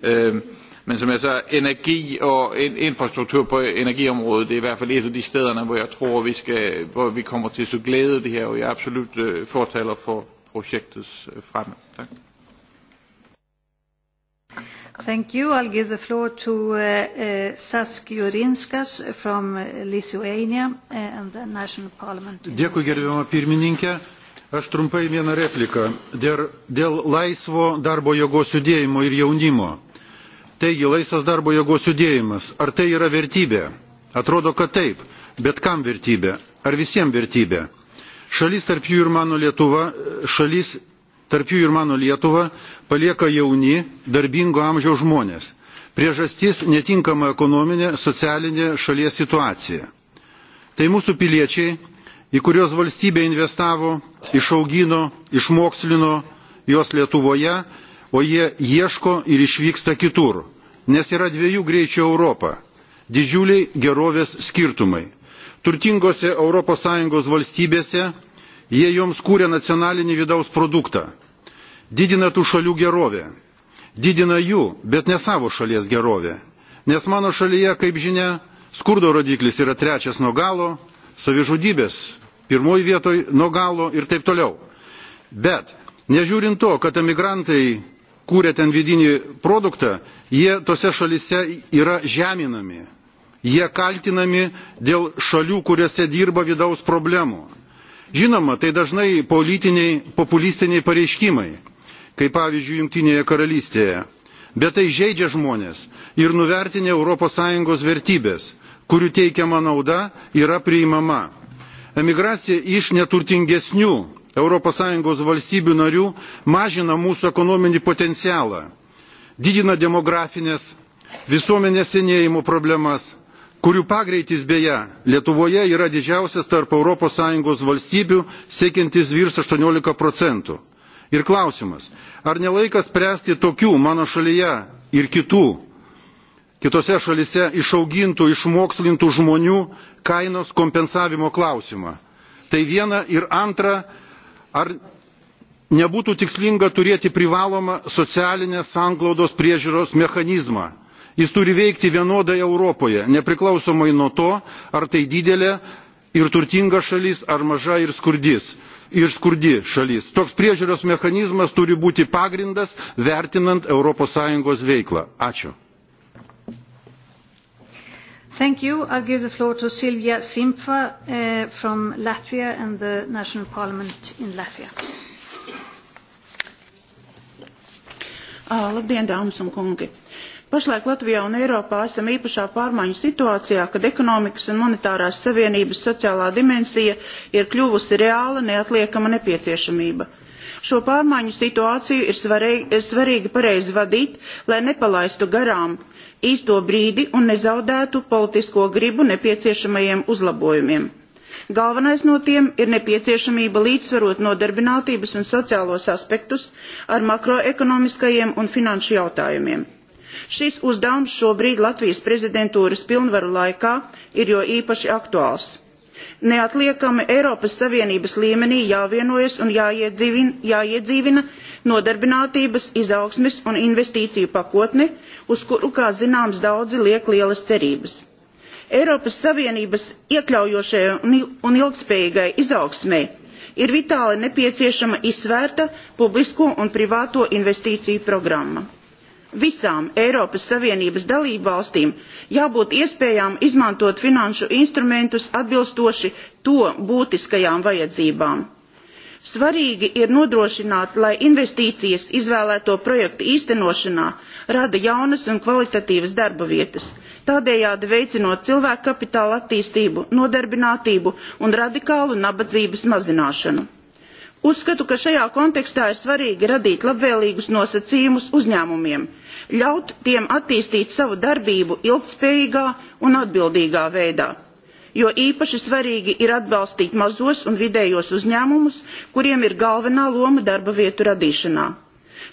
Øh, men som jeg sagde, energi og infrastruktur på energiområdet, det er i hvert fald et af de steder, hvor jeg tror, vi, skal, hvor vi kommer til at så glæde det her, og jeg er absolut uh, fortaler for projektets øh, fremme. Tak. Thank you. I'll give the floor to uh, uh, Sask Jurinskas from Lithuania uh, and the National Parliament. Dėkui, gerbiamą pirmininkę. Aš trumpai vieną repliką dėl, dėl laisvo darbo jėgos judėjimo ir jaunimo. Taigi, laisvas darbo jėgos judėjimas, ar tai yra vertybė? Atrodo, kad taip, bet kam vertybė? Ar visiems vertybė? Šalis tarp jų ir mano Lietuva, šalis tarp jų ir mano Lietuva, palieka jauni, darbingo amžiaus žmonės. Priežastis netinkama ekonominė, socialinė šalies situacija. Tai mūsų piliečiai, į kurios valstybė investavo, išaugino, išmokslino juos Lietuvoje, o jie ieško ir išvyksta kitur, nes yra dviejų greičių Europa – didžiuliai gerovės skirtumai. Turtingose ES valstybėse jie joms kūrė nacionalinį vidaus produktą didina tų šalių gerovę didina jų bet ne savo šalies gerovę nes mano šalyje kaip žinia skurdo rodiklis yra trečias nuo galo savižudybės pirmoji vietoj nuo galo ir taip toliau bet nežiūrint to kad emigrantai kūrė ten vidinį produktą jie tose šalyse yra žeminami jie kaltinami dėl šalių kuriose dirba vidaus problemų žinoma tai dažnai politiniai populistiniai pareiškimai kaip pavyzdžiui jungtinėje karalystėje bet tai žeidžia žmones ir nuvertina europos sąjungos vertybes kurių teikiama nauda yra priimama. emigracija iš neturtingesnių europos sąjungos valstybių narių mažina mūsų ekonominį potencialą didina demografines visuomenės senėjimo problemas kurių pagreitis beje lietuvoje yra didžiausias tarp europos sąjungos valstybių siekiantis virš aštuoniolika procentų. ir klausimas ar ne laikas spręsti tokių mano šalyje ir kitų kitose šalyse išaugintų išmokslintų žmonių kainos kompensavimo klausimą? tai viena ir antra ar nebūtų tikslinga turėti privalomą socialinės sanglaudos priežiūros mechanizmą jis turi veikti vienodai europoje nepriklausomai nuo to ar tai didelė ir turtinga šalis ar maža ir skurdi šalis. toks priežiūros mechanizmas turi būti pagrindas vertinant europos sąjungos veiklą. ačiū. Thank you. I'll give the floor to Silvia Simfa uh, from Latvia and the National Parliament in Latvia. Uh, labdien, dāmas un kungi! Pašlaik Latvijā un Eiropā esam īpašā pārmaiņu situācijā, kad ekonomikas un monetārās savienības sociālā dimensija ir kļuvusi reāla neatliekama nepieciešamība. Šo pārmaiņu situāciju ir svarīgi, pareizi vadīt, lai nepalaistu garām īsto brīdi un nezaudētu politisko gribu nepieciešamajiem uzlabojumiem. Galvenais no tiem ir nepieciešamība līdzsvarot nodarbinātības un sociālos aspektus ar makroekonomiskajiem un finanšu jautājumiem šis uzdevums šobrīd latvijas prezidentūras pilnvaru laikā ir jo īpaši aktuāls neatliekami Eiropas Savienības līmenī jāvienojas un jāiedzīvina, nodarbinātības, izaugsmes un investīciju pakotne, uz kuru, kā zināms, daudzi liek lielas cerības. Eiropas Savienības iekļaujošai un ilgspējīgai izaugsmai ir vitāli nepieciešama izsvērta publisko un privāto investīciju programma visām Eiropas Savienības dalībvalstīm jābūt iespējām izmantot finanšu instrumentus atbilstoši to būtiskajām vajadzībām. Svarīgi ir nodrošināt, lai investīcijas izvēlēto projektu īstenošanā rada jaunas un kvalitatīvas darba vietas, tādējādi veicinot cilvēku kapitāla attīstību, nodarbinātību un radikālu nabadzības mazināšanu Uzskatu, ka šajā kontekstā ir svarīgi radīt labvēlīgus nosacījumus uzņēmumiem, ļaut tiem attīstīt savu darbību ilgtspējīgā un atbildīgā veidā. Jo īpaši svarīgi ir atbalstīt mazos un vidējos uzņēmumus, kuriem ir galvenā loma darba vietu radīšanā.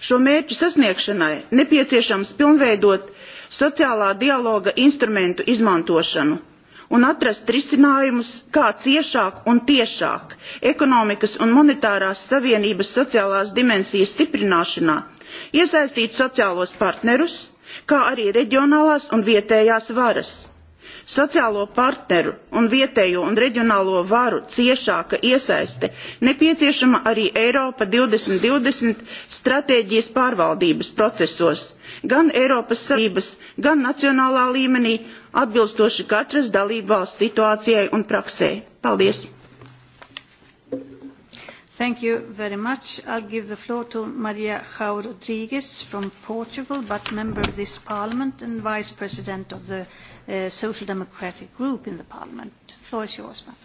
Šo mērķu sasniegšanai nepieciešams pilnveidot sociālā dialoga instrumentu izmantošanu, un atrast risinājumus, kā ciešāk un tiešāk ekonomikas un monetārās savienības sociālās dimensijas stiprināšanā iesaistīt sociālos partnerus, kā arī reģionālās un vietējās varas sociālo partneru un vietējo un reģionālo varu ciešāka iesaiste nepieciešama arī Eiropa 2020 stratēģijas pārvaldības procesos, gan Eiropas Savienības, gan nacionālā līmenī, atbilstoši katras dalībvalsts situācijai un praksē. Paldies! Thank you very much. I'll give the floor to Maria João Rodrigues from Portugal, but member of this parliament and vice president of the uh, Social Democratic Group in the parliament. The floor is yours, ma'am.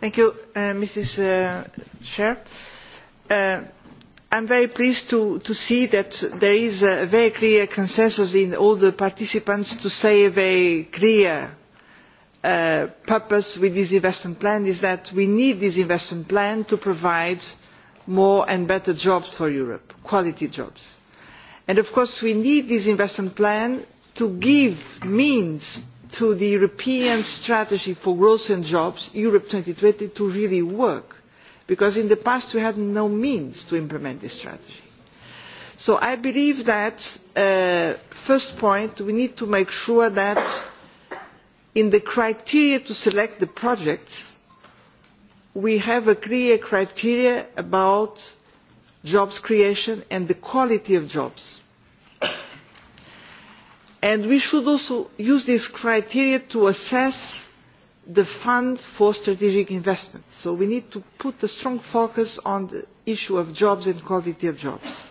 Thank you, uh, Mrs. Uh, Chair. Uh, i am very pleased to, see that there is a very clear consensus in all the participants to say a very clear uh, purpose with this investment plan which is that we need this investment plan to provide more and better jobs for europe quality jobs. and of course we need this investment plan to give means to the european strategy for growth and jobs europe two thousand and twenty to really work because in the past we had no means to implement this strategy. so i believe that uh, first point we need to make sure that in the criteria to select the projects we have a clear criteria about jobs creation and the quality of jobs and we should also use this criteria to assess the fund for strategic investments. So we need to put a strong focus on the issue of jobs and quality of jobs.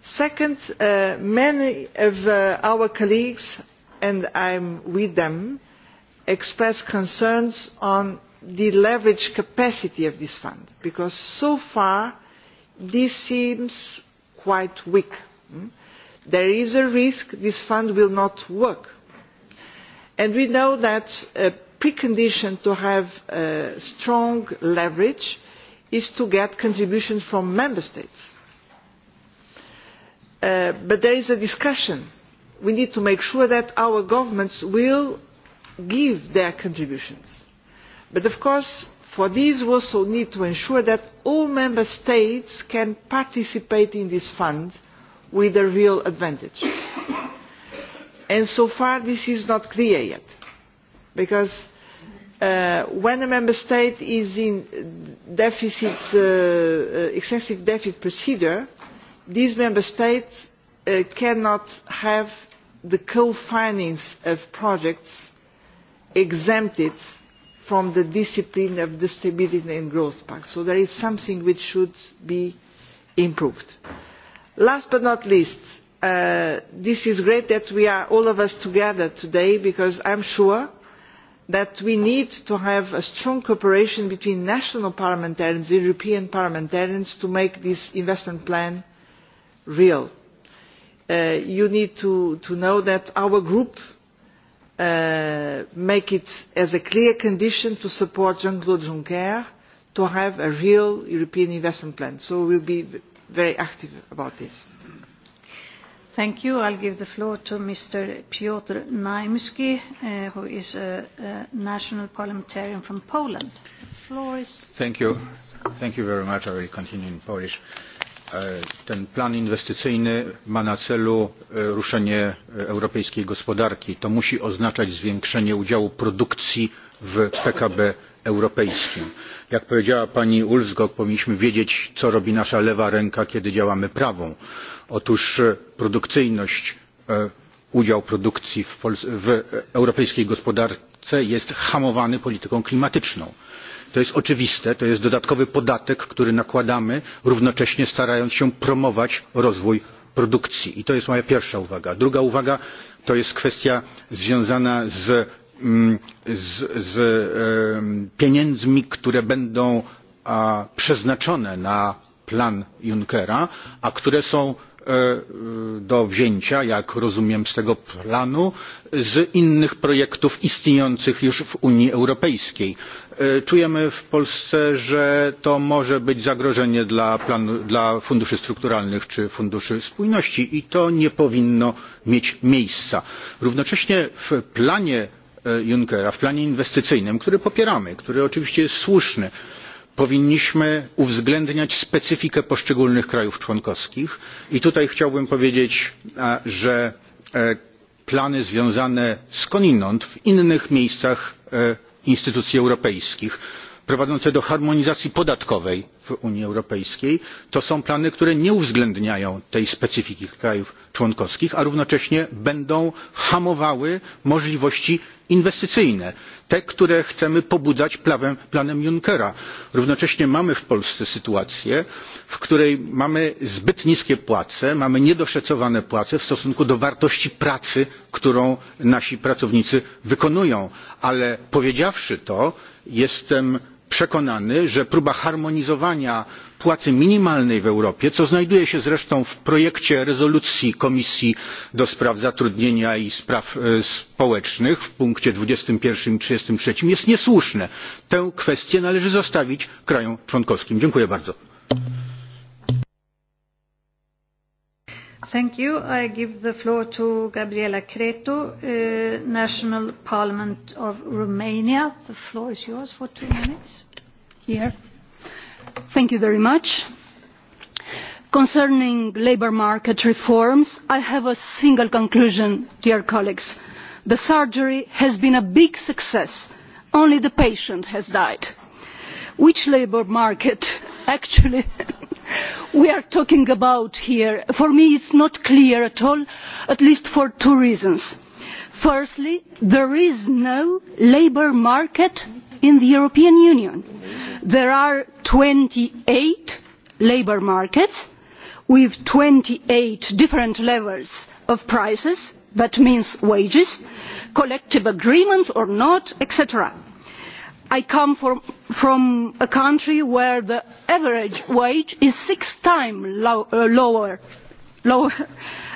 Second, uh, many of uh, our colleagues, and I'm with them, expressed concerns on the leverage capacity of this fund, because so far this seems quite weak. Hmm? There is a risk this fund will not work. And we know that uh, precondition to have uh, strong leverage is to get contributions from member states. Uh, but there is a discussion. We need to make sure that our governments will give their contributions. But of course, for this we also need to ensure that all member states can participate in this fund with a real advantage. and so far this is not clear yet because uh, when a member state is in deficit, uh, uh, excessive deficit procedure, these member states uh, cannot have the co-finance of projects exempted from the discipline of the Stability and Growth Pact. So there is something which should be improved. Last but not least, uh, this is great that we are all of us together today because I'm sure that we need to have a strong cooperation between national parliamentarians and european parliamentarians to make this investment plan real. Uh, you need to, know that our group uh, makes it as a clear condition to support jean claude juncker to have a real european investment plan so we will be very active about this. Thank you. I'll give the floor to Mr. Piotr Naimski, uh, who is a, national parliamentarian from Poland. floor is... Thank you. Thank you very much. I will continue in Polish. Uh, ten plan inwestycyjny ma na celu e, ruszenie e, europejskiej gospodarki. To musi oznaczać zwiększenie udziału produkcji w PKB europejskim. Jak powiedziała pani Ulvskog, powinniśmy wiedzieć, co robi nasza lewa ręka, kiedy działamy prawą Otóż e, produkcyjność, e, udział produkcji w, europejskiej gospodarce jest hamowany polityką klimatyczną. To jest oczywiste, to jest dodatkowy podatek, który nakładamy, równocześnie starając się promować rozwój produkcji. I to jest moja pierwsza uwaga. Druga uwaga to jest kwestia związana z, mm, z, z pieniędzmi, które będą przeznaczone na plan junckera a które są e, e, do wzięcia jak rozumiem z tego planu z innych projektów istniejących już w unii europejskiej. E, czujemy w polsce że to może być zagrożenie dla, funduszy strukturalnych czy funduszy spójności i to nie powinno mieć miejsca. równocześnie w planie junckera w planie inwestycyjnym który popieramy który oczywiście jest słuszny powinniśmy uwzględniać specyfikę poszczególnych krajów członkowskich i tutaj chciałbym powiedzieć że e, plany związane skądinąd w innych miejscach e, instytucji europejskich np prowadzące do harmonizacji podatkowej w unii europejskiej to są plany które nie uwzględniają tej specyfiki krajów członkowskich a równocześnie będą hamowały możliwości inwestycyjne te które chcemy pobudzać planem junckera. równocześnie mamy w polsce sytuację w której mamy zbyt niskie płace mamy niedoszacowane płace w stosunku do wartości pracy którą nasi pracownicy wykonują ale powiedziawszy to jestem przekonany że próba harmonizowania płacy minimalnej w europie co znajduje się zresztą w projekcie rezolucji komisji do spraw zatrudnienia i spraw e, społecznych w punkcie dwadzieścia jeden i trzydzieści trzy jest niesłuszne. tę kwestię należy zostawić państwom członkowskim. dziękuję bardzo. Thank you. I give the floor to Gabriela Cretu, uh, National Parliament of Romania. The floor is yours for two minutes. Here. Thank you very much. Concerning labour market reforms, I have a single conclusion, dear colleagues. The surgery has been a big success. Only the patient has died. Which labour market actually we are talking about here for me is not clear at all at least for two reasons firstly there is no labour market in the european union. there are twenty eight labour markets with twenty eight different levels of prices that means wages collective agreements or not etc i come from, a country where the average wage is six times uh, lower,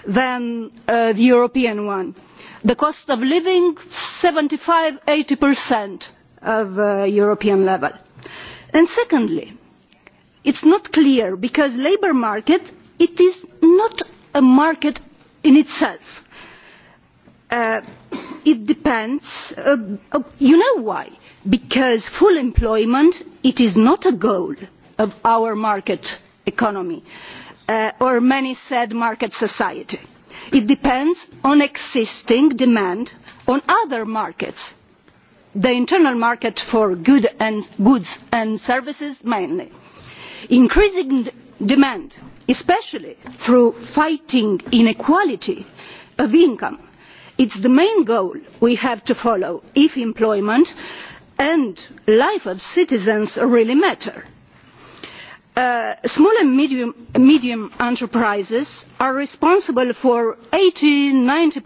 than uh, the european one the cost of living seventy five eighty of the uh, european level. and secondly it is not clear because the labour market it is not a market in itself. it depends you know why? because full employment is not a goal of our market economy uh, or many said market society. it depends on existing demand on other markets the internal market for goods and services mainly. increasing demand especially through fighting inequality of income is the main goal we have to follow if employment is and life of citizens really matter. Uh, small and medium, enterprises are responsible for eighty ninety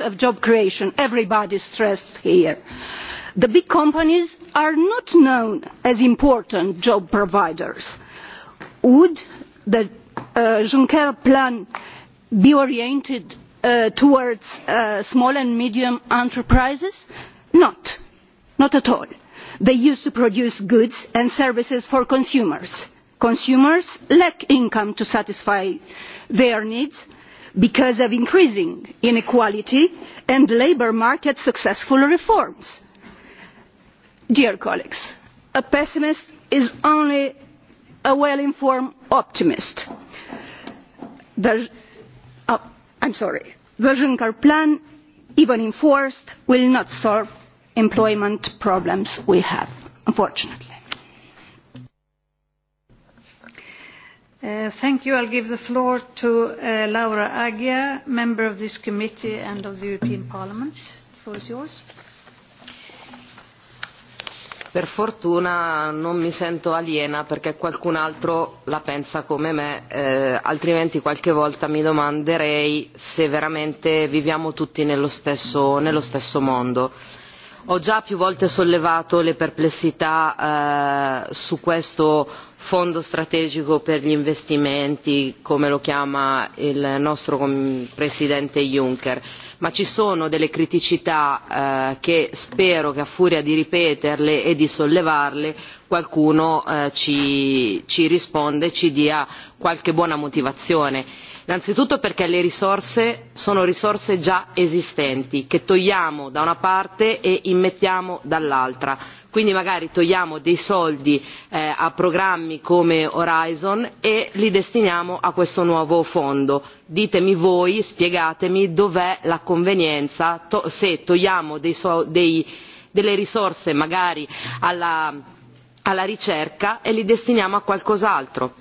of job creation everybody stressed here. the big companies are not known as important job providers. would the uh, juncker plan be oriented uh, towards small and medium enterprises? not not at all. they used to produce goods and services for consumers. consumers lack income to satisfy their needs because of increasing inequality and labour market successful reforms. Dear colleagues, a pessimist is only a well informed optimist. The, oh, sorry. The Juncker plan, even enforced, will not solve employment problems we have, unfortunately. Uh, thank you. I'll give the floor to uh, Laura Agia, member of this committee and of the European Parliament. The floor is yours. Per fortuna non mi sento aliena perché qualcun altro la pensa come me, eh, altrimenti qualche volta mi domanderei se veramente viviamo tutti nello stesso, nello stesso mondo ho già più volte sollevato le perplessità eh, su questo fondo strategico per gli investimenti come lo chiama il nostro presidente juncker ma ci sono delle criticità eh, che spero che a furia di ripeterle e di sollevarle qualcuno eh, ci risponda e ci dia qualche buona motivazione innanzitutto perché le risorse sono risorse già esistenti che togliamo da una parte e immettiamo dall'altra quindi magari togliamo dei soldi eh, a programmi come horizon e li destiniamo a questo nuovo fondo ditemi voi spiegatemi dov'è la convenienza se togliamo delle risorse magari alla ricerca e le destiniamo a qualcos'altro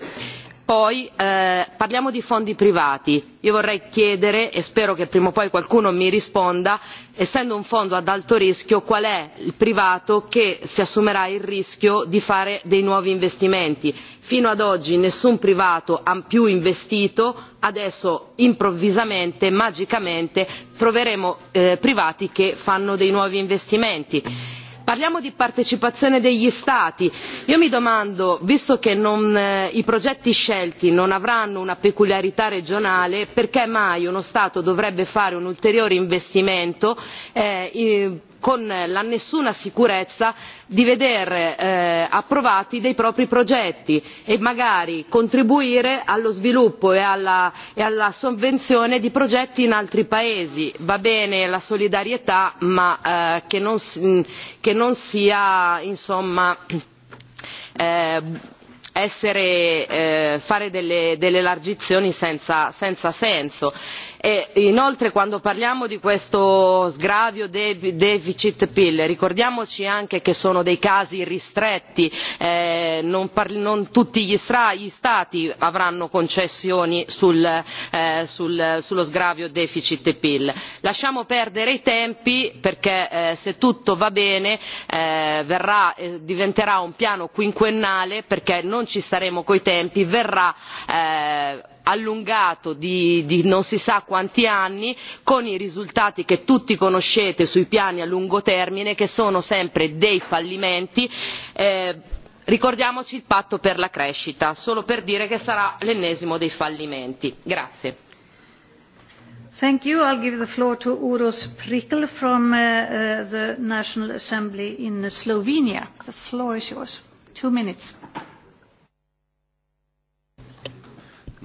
poi eh, parliamo di fondi privati io vorrei chiedere e spero che prima o poi qualcuno mi risponda essendo un fondo ad alto rischio qual è il privato che si assumerà il rischio di fare dei nuovi investimenti fino ad oggi nessun privato ha più investito adesso improvvisamente magicamente troveremo eh, privati che fanno dei nuovi investimenti parliamo di partecipazione degli stati io mi domando visto che eh, i progetti scelti non avranno una peculiarità regionale perché mai uno stato dovrebbe fare un ulteriore investimento eh, con la nessuna sicurezza di veder eh, approvati dei propri progetti e magari contribuire allo sviluppo e, e alla, sovvenzione di progetti in altri paesi. va bene la solidarietà ma eh, mm, che, non, sia insomma eh, fare delle, elargizioni senza senso e inoltre quando parliamo di questo sgravio deficit pil ricordiamoci anche che sono dei casi ristretti eh, non tutti gli stati avranno concessioni eh, sullo sgravio deficit pil. lasciamo perdere i tempi perché eh, se tutto va bene diventerà un piano quinquennale perché non ci staremo coi tempi verrà allungato di, non si sa quanti anni con i risultati che tutti conoscete sui piani a lungo termine che sono sempre dei fallimenti eh, ricordiamoci il patto per la crescita solo per dire che sarà l'ennesimo dei fallimenti.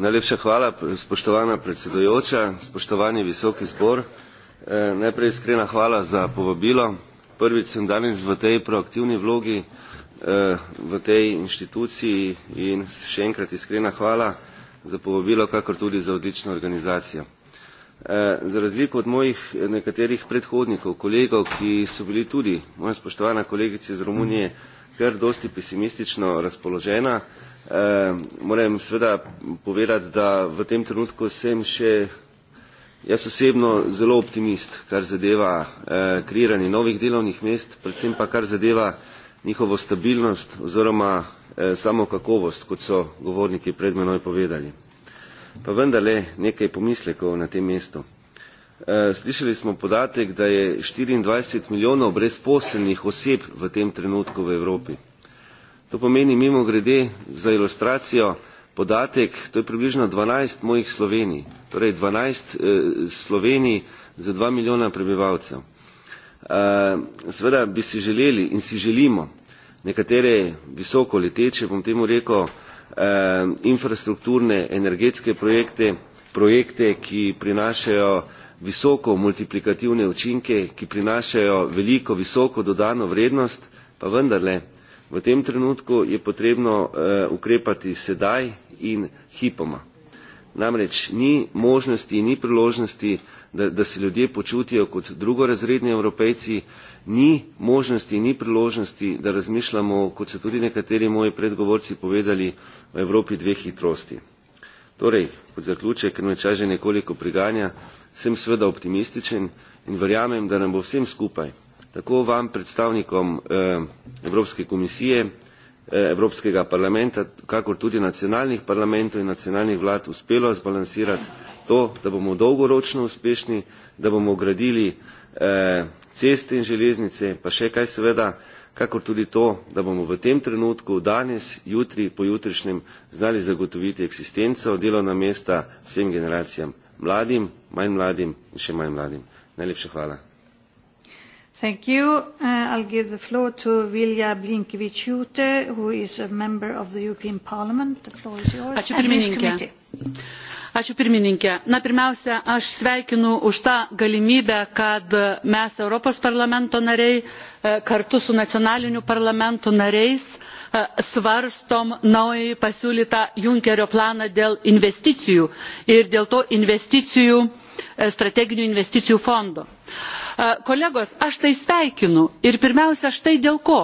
Najlepša hvala, spoštovana predsedujoča, spoštovani visoki zbor. Eh, najprej iskrena hvala za povabilo. Prvič sem danes v tej proaktivni vlogi eh, v tej inštituciji in še enkrat iskrena hvala za povabilo, kakor tudi za odlično organizacijo. Eh, za razliko od mojih nekaterih predhodnikov, kolegov, ki so bili tudi, moja spoštovana kolegica iz Romunije, kar dosti pesimistično razpoložena, Ehm, moram seveda povedati, da v tem trenutku sem še jaz osebno zelo optimist, kar zadeva eh, kreiranje novih delovnih mest, predvsem pa kar zadeva njihovo stabilnost oziroma eh, samo kakovost, kot so govorniki pred menoj povedali. Pa vendarle nekaj pomislekov na tem mestu. Eh, slišali smo podatek, da je 24 milijonov brezposelnih oseb v tem trenutku v Evropi To pomeni mimo grede za ilustracijo podatek, to je približno 12 mojih Slovenij, torej 12 eh, Slovenij za 2 milijona prebivalcev. Eh, seveda bi si želeli in si želimo nekatere visoko leteče, bom temu rekel, eh, infrastrukturne, energetske projekte, projekte, ki prinašajo visoko multiplikativne učinke, ki prinašajo veliko, visoko dodano vrednost, pa vendarle V tem trenutku je potrebno eh, ukrepati sedaj in hipoma. Namreč ni možnosti, ni priložnosti, da, da se ljudje počutijo kot drugorazredni evropejci, ni možnosti, ni priložnosti, da razmišljamo, kot so tudi nekateri moji predgovorci povedali, o Evropi dveh hitrosti. Torej, kot zaključek, ker me čas že nekoliko priganja, sem sveda optimističen in verjamem, da nam bo vsem skupaj, tako vam predstavnikom eh, Evropske komisije, eh, Evropskega parlamenta, kakor tudi nacionalnih parlamentov in nacionalnih vlad uspelo zbalansirati to, da bomo dolgoročno uspešni, da bomo gradili eh, ceste in železnice, pa še kaj seveda, kakor tudi to, da bomo v tem trenutku, danes, jutri, pojutrišnjem znali zagotoviti eksistenco, delovna mesta vsem generacijam, mladim, manj mladim in še manj mladim. Najlepša hvala. Thank you. Uh, I'll give the floor to Vilja Blinkevičiūtė, who is a member of the European Parliament. The floor is yours. Ačiū pirmininkė. Ačiū pirmininkė. Na, pirmiausia, aš sveikinu už tą galimybę, kad mes Europos parlamento nariai e, kartu su nacionaliniu parlamentu nariais e, svarstom naująjį pasiūlytą Junkerio planą dėl investicijų ir dėl to investicijų, e, strateginių investicijų fondo E, kolegos, aš tai sveikinu ir pirmiausia štai dėl ko.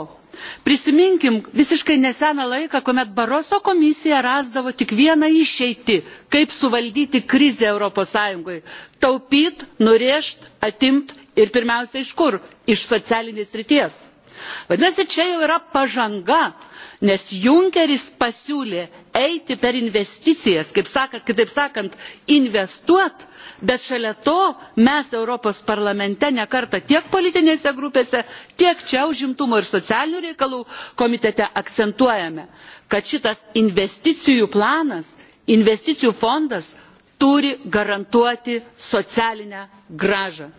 Prisiminkim visiškai neseną laiką, kuomet barroso komisija rasdavo tik vieną išeitį, kaip suvaldyti krizę Europos Sąjungoje. taupyti nurėžti atimti ir pirmiausia iš kur? Iš socialinės srities vadinasi čia jau yra pažanga nes junkeris pasiūlė eiti per investicijas kitaip sakant investuoti bet šalia to mes europos parlamente ne kartą tiek politinėse grupėse tiek čia užimtumo ir socialinių reikalų komitete akcentuojame kad šitas investicijų planas investicijų fondas turi garantuoti socialinę grąžą.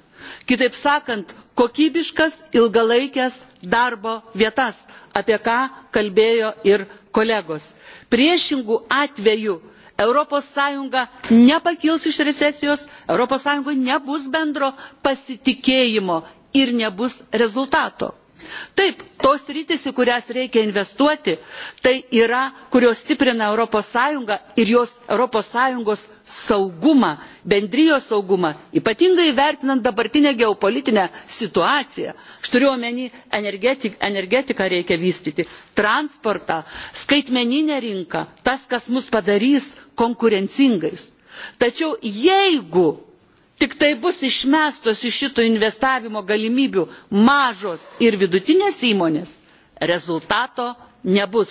kitaip sakant kokybiškas ilgalaikes darbo vietas, apie ką kalbėjo ir kolegos. priešingu atveju europos sąjunga nepakils iš recesijos europos sąjungoje nebus bendro pasitikėjimo ir nebus rezultato. Taip, tos sritys į kurias reikia investuoti, tai yra, kurios stiprina sąjungą ir jos sąjungos saugumą, bendrijos saugumą, ypatingai vertinant dabartinę geopolitinę situaciją. Aš turiu omeny, energetiką reikia vystyti, transportą, skaitmeninę rinką, tas, kas mus padarys konkurencingais. Tačiau jeigu tik tai bus išmestos iš šito investavimo galimybių mažos ir vidutinės įmonės, rezultato nebus.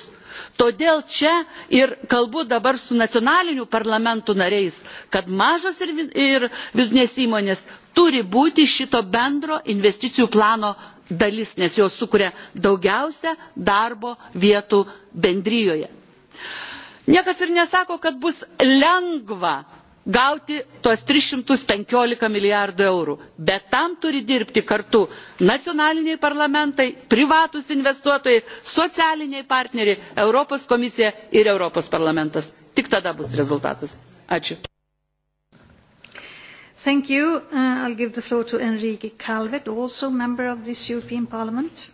Todėl čia ir kalbu dabar su nacionalinių parlamentų nariais, kad mažos ir vidutinės įmonės turi būti šito bendro investicijų plano dalis, nes jos sukuria daugiausia darbo vietų bendryjoje. Niekas ir nesako, kad bus lengva gauti tuos tris šimtus penkiolika milijardų eurų bet tam turi dirbti kartu nacionaliniai parlamentai privatūs investuotojai socialiniai partneriai europos komisija ir europos parlamentas tik tada bus rezultatas. ačiū. Thank you. Uh, I'll give the floor to Enrique Calvet, also member of this European Parliament.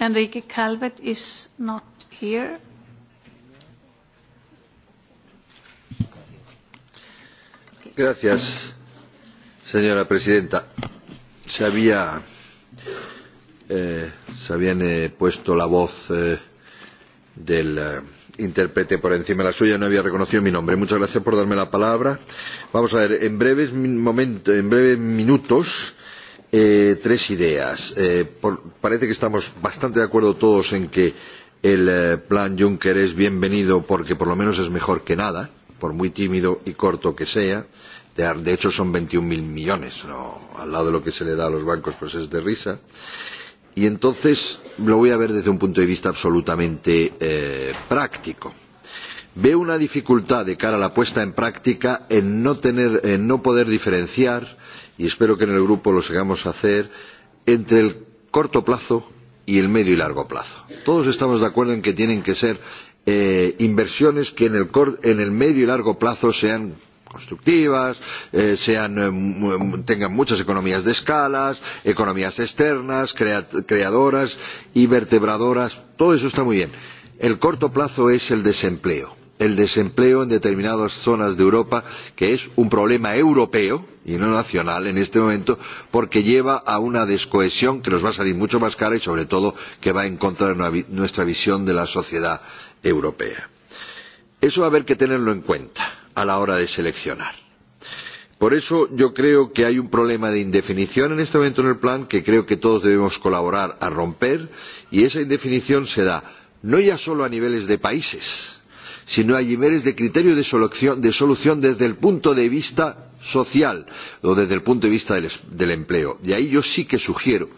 Enrique Calvet is not here. Gracias, señora presidenta. Se, había, eh, se habían eh, puesto la voz eh, del eh, intérprete por encima de la suya no había reconocido mi nombre. Muchas gracias por darme la palabra. Vamos a ver, en breves, moment, en breves minutos eh, eh, tres ideas. Eh, por, parece que estamos bastante de acuerdo todos en que el eh, plan Juncker es bienvenido porque por lo menos es mejor que nada, por muy tímido y corto que sea. De, de hecho son 21.000 millones, ¿no? al lado de lo que se le da a los bancos, pues es de risa. Y entonces lo voy a ver desde un punto de vista absolutamente eh, práctico veo una dificultad de cara a la puesta en práctica en no, tener, en no poder diferenciar y espero que en el grupo lo sigamos haciendo entre el corto plazo y el medio y largo plazo. Todos estamos de acuerdo en que tienen que ser eh, inversiones que en el, en el medio y largo plazo sean constructivas, eh, sean, eh, tengan muchas economías de escalas, economías externas, crea, creadoras y vertebradoras. Todo eso está muy bien. El corto plazo es el desempleo el desempleo en determinadas zonas de Europa, que es un problema europeo y no nacional en este momento, porque lleva a una descohesión que nos va a salir mucho más cara y, sobre todo, que va en contra de nuestra visión de la sociedad europea. Eso va a haber que tenerlo en cuenta a la hora de seleccionar. Por eso yo creo que hay un problema de indefinición en este momento en el plan que creo que todos debemos colaborar a romper y esa indefinición se da no ya solo a niveles de países, sino a niveles de criterio de solución, desde el punto de vista social o desde el punto de vista del, empleo. Y ahí yo sí que sugiero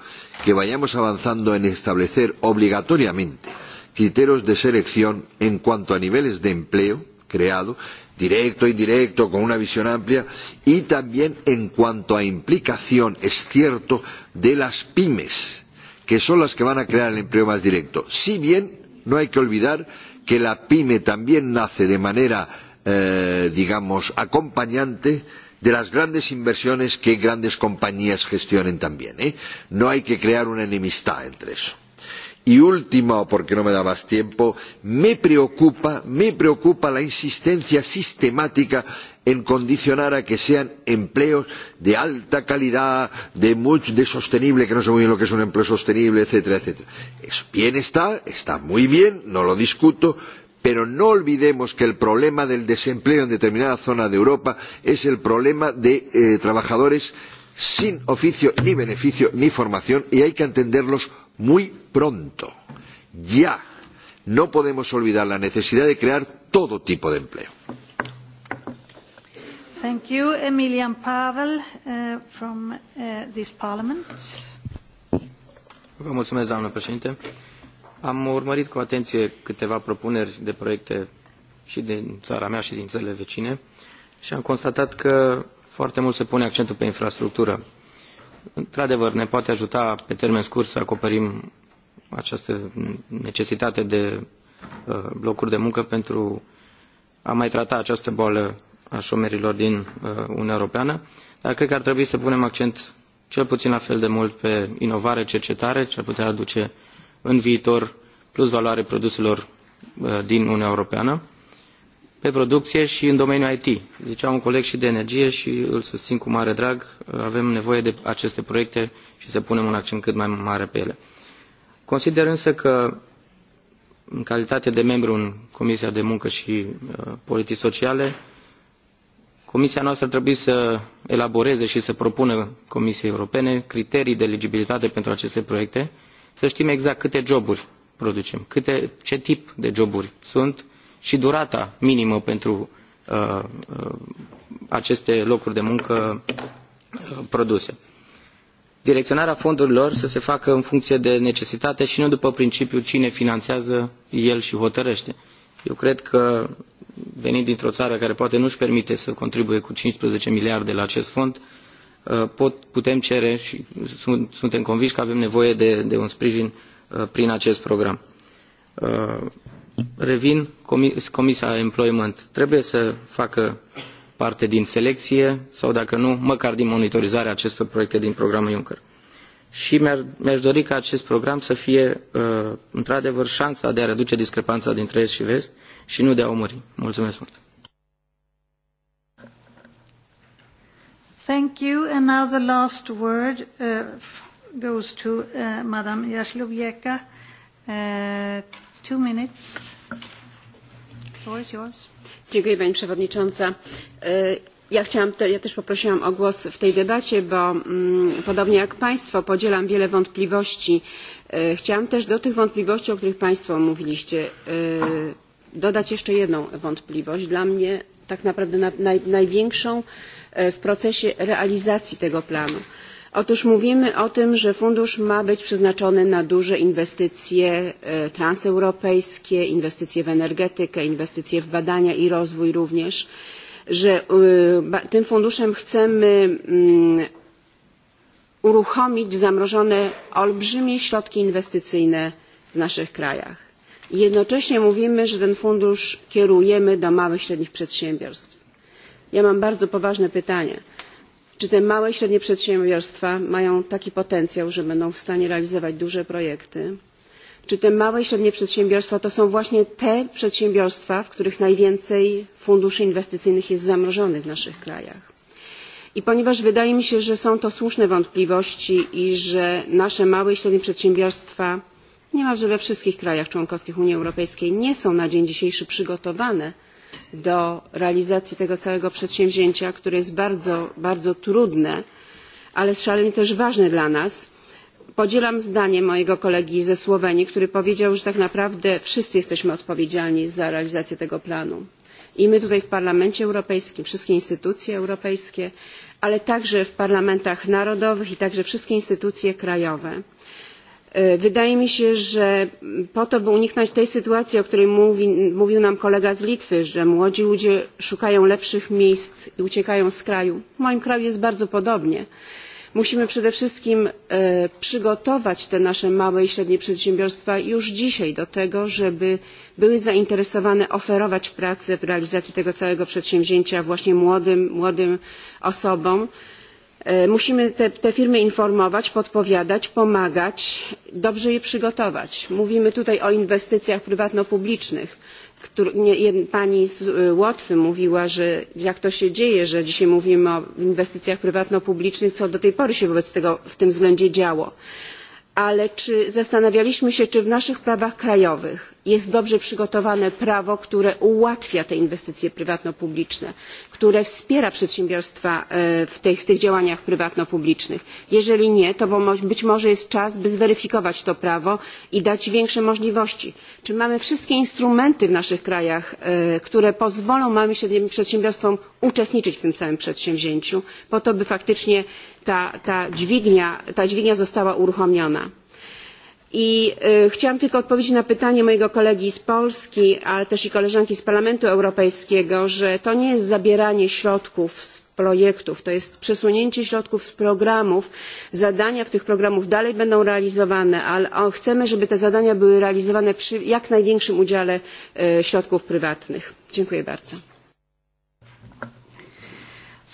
que vayamos avanzando en establecer obligatoriamente criterios de selección en cuanto a niveles de empleo creado, directo, indirecto, con una visión amplia, y también en cuanto a implicación, es cierto, de las pymes, que son las que van a crear el empleo más directo. Si bien no hay que olvidar que la pyme también nace de manera, eh, digamos, acompañante de las grandes inversiones que grandes compañías gestionen también. ¿eh? No hay que crear una enemistad entre eso. Y último, porque no me da más tiempo, me preocupa, me preocupa la insistencia sistemática en condicionar a que sean empleos de alta calidad, de, much, de sostenible, que no sé muy bien lo que es un empleo sostenible, etcétera, etcétera. Es, bien está, está muy bien, no lo discuto, pero no olvidemos que el problema del desempleo en determinada zona de Europa es el problema de eh, trabajadores sin oficio, ni beneficio, ni formación, y hay que entenderlos muy pronto. Ya no podemos olvidar la necesidad de crear todo tipo de empleo. Thank you, Emilian Pavel, uh, from uh, this Parliament. Vă mulțumesc, doamnă președinte. Am urmărit cu atenție câteva propuneri de proiecte și din țara mea și din țările vecine și am constatat că foarte mult se pune accentul pe infrastructură într adevăr ne poate ajuta pe termen scurt să acoperim această necesitate de uh, locuri de muncă pentru a mai trata această boală a șomerilor din uh, Uniunea Europeană, dar cred că ar trebui să punem accent cel puțin la fel de mult pe inovare, cercetare, ce ar putea aduce în viitor plus valoare produselor uh, din Uniunea Europeană pe producție și în domeniul IT. Zicea un coleg și de energie și îl susțin cu mare drag. Avem nevoie de aceste proiecte și să punem un accent cât mai mare pe ele. Consider însă că, în calitate de membru în Comisia de Muncă și uh, Politici Sociale, Comisia noastră trebuie să elaboreze și să propună Comisiei Europene criterii de eligibilitate pentru aceste proiecte, să știm exact câte joburi producem, câte, ce tip de joburi sunt, și durata minimă pentru uh, uh, aceste locuri de muncă uh, produse. Direcționarea fondurilor să se facă în funcție de necesitate și nu după principiul cine finanțează, el și hotărăște. Eu cred că venind dintr-o țară care poate nu-și permite să contribuie cu 15 miliarde la acest fond, pot, putem cere și sunt, suntem convinși că avem nevoie de, de un sprijin prin acest program revin Comisia Employment. Trebuie să facă parte din selecție sau, dacă nu, măcar din monitorizarea acestor proiecte din programul Juncker. Și mi-aș mi dori ca acest program să fie, uh, într-adevăr, șansa de a reduce discrepanța dintre Est și Vest și nu de a o mări. Mulțumesc mult! Thank you. And now the last word uh, goes to uh, Madam Jaslubieka. Uh, Pani Przewodnicząca. E, ja, chciałam, ja też poprosiłam o głos w tej debacie, bo mm, podobnie jak Państwo podzielam wiele wątpliwości. E, chciałam też do tych wątpliwości, o których Państwo mówiliście, e, dodać jeszcze jedną wątpliwość. Dla mnie tak naprawdę największą w procesie realizacji tego planu. Otóż mówimy o tym, że fundusz ma być przeznaczony na duże inwestycje e, transeuropejskie, inwestycje w energetykę, inwestycje w badania i rozwój również, że e, tym funduszem chcemy mm, uruchomić zamrożone olbrzymie środki inwestycyjne w naszych krajach. i Jednocześnie mówimy, że ten fundusz kierujemy do małych i średnich przedsiębiorstw. Ja mam bardzo poważne pytanie czy te małe i średnie przedsiębiorstwa mają taki potencjał że będą w stanie realizować duże projekty czy te małe i średnie przedsiębiorstwa to są właśnie te przedsiębiorstwa w których najwięcej funduszy inwestycyjnych jest zamrożonych w naszych krajach? i ponieważ wydaje mi się że są to słuszne wątpliwości i że nasze małe i średnie przedsiębiorstwa niemalże we wszystkich krajach członkowskich unii europejskiej nie są na dzień dzisiejszy przygotowane do realizacji tego całego przedsięwzięcia, które jest bardzo, bardzo trudne, ale szalenie też ważne dla nas. Podzielam zdanie mojego kolegi ze Słowenii, który powiedział, że tak naprawdę wszyscy jesteśmy odpowiedzialni za realizację tego planu. I my tutaj w Parlamencie Europejskim, wszystkie instytucje europejskie, ale także w parlamentach narodowych i także wszystkie instytucje krajowe E, wydaje mi się że po to by uniknąć tej sytuacji o której mówił nam kolega z litwy że młodzi ludzie szukają lepszych miejsc i uciekają z kraju w moim kraju jest bardzo podobnie musimy przede wszystkim e, przygotować te nasze małe i średnie przedsiębiorstwa już dzisiaj do tego żeby były zainteresowane oferować pracę w realizacji tego całego przedsięwzięcia właśnie młodym, osobom osobom E, musimy te, firmy informować podpowiadać pomagać dobrze je przygotować. mówimy tutaj o inwestycjach prywatno publicznych. pani z e, łotwy mówiła że jak to się dzieje że dzisiaj mówimy o inwestycjach prywatno publicznych co do tej pory się wobec tego w tym względzie działo ale czy zastanawialiśmy się czy w naszych prawach krajowych jest dobrze przygotowane prawo które ułatwia te inwestycje prywatno publiczne które wspiera przedsiębiorstwa e, w tych, działaniach prywatno publicznych. jeżeli nie to być może jest czas by zweryfikować to prawo i dać większe możliwości. czy mamy wszystkie instrumenty w naszych krajach e, które pozwolą małym i średnim przedsiębiorstwom uczestniczyć w tym całym przedsięwzięciu po to by faktycznie ta dźwignia została uruchomiona? i chciałam tylko odpowiedzieć na pytanie mojego kolegi z polski ale też i koleżanki z parlamentu europejskiego że to nie jest zabieranie środków z projektów to jest przesunięcie środków z programów zadania w tych programach dalej będą realizowane ale chcemy żeby te zadania były realizowane przy jak największym udziale środków prywatnych. dziękuję bardzo.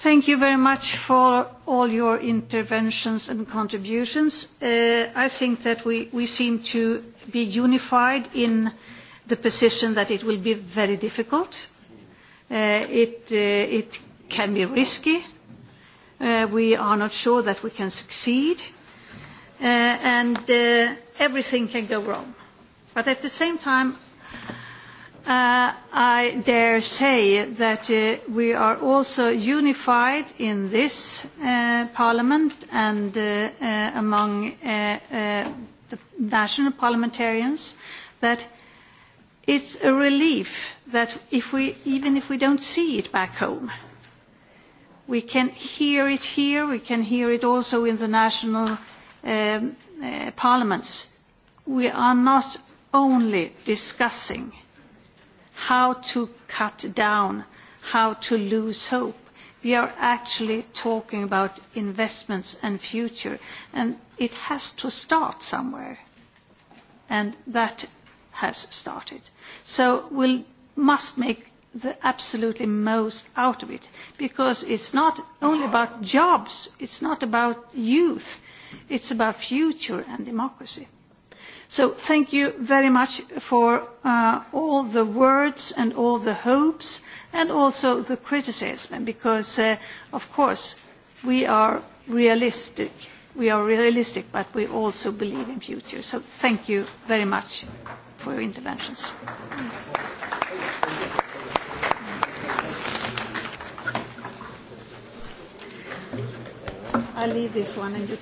Thank you very much for all your interventions and contributions. Uh, I think that we, we seem to be unified in the position that it will be very difficult. Uh, it, uh, it can be risky. Uh, we are not sure that we can succeed. Uh, and uh, everything can go wrong. But at the same time, Uh, I dare say that uh, we are also unified in this uh, parliament and among the national parliamentarians that it's a relief that if we, even if we don't see it back home, we can hear it here, we can hear it also in the national um, parliaments. We are not only discussing how to cut down, how to lose hope. We are actually talking about investments and future, and it has to start somewhere, and that has started. So we must make the absolutely most out of it, because it's not only about jobs, it's not about youth, it's about future and democracy. So thank you very much for uh, all the words and all the hopes and also the criticism because uh, of course we are realistic. We are realistic but we also believe in future. So thank you very much for your interventions. I leave this one and you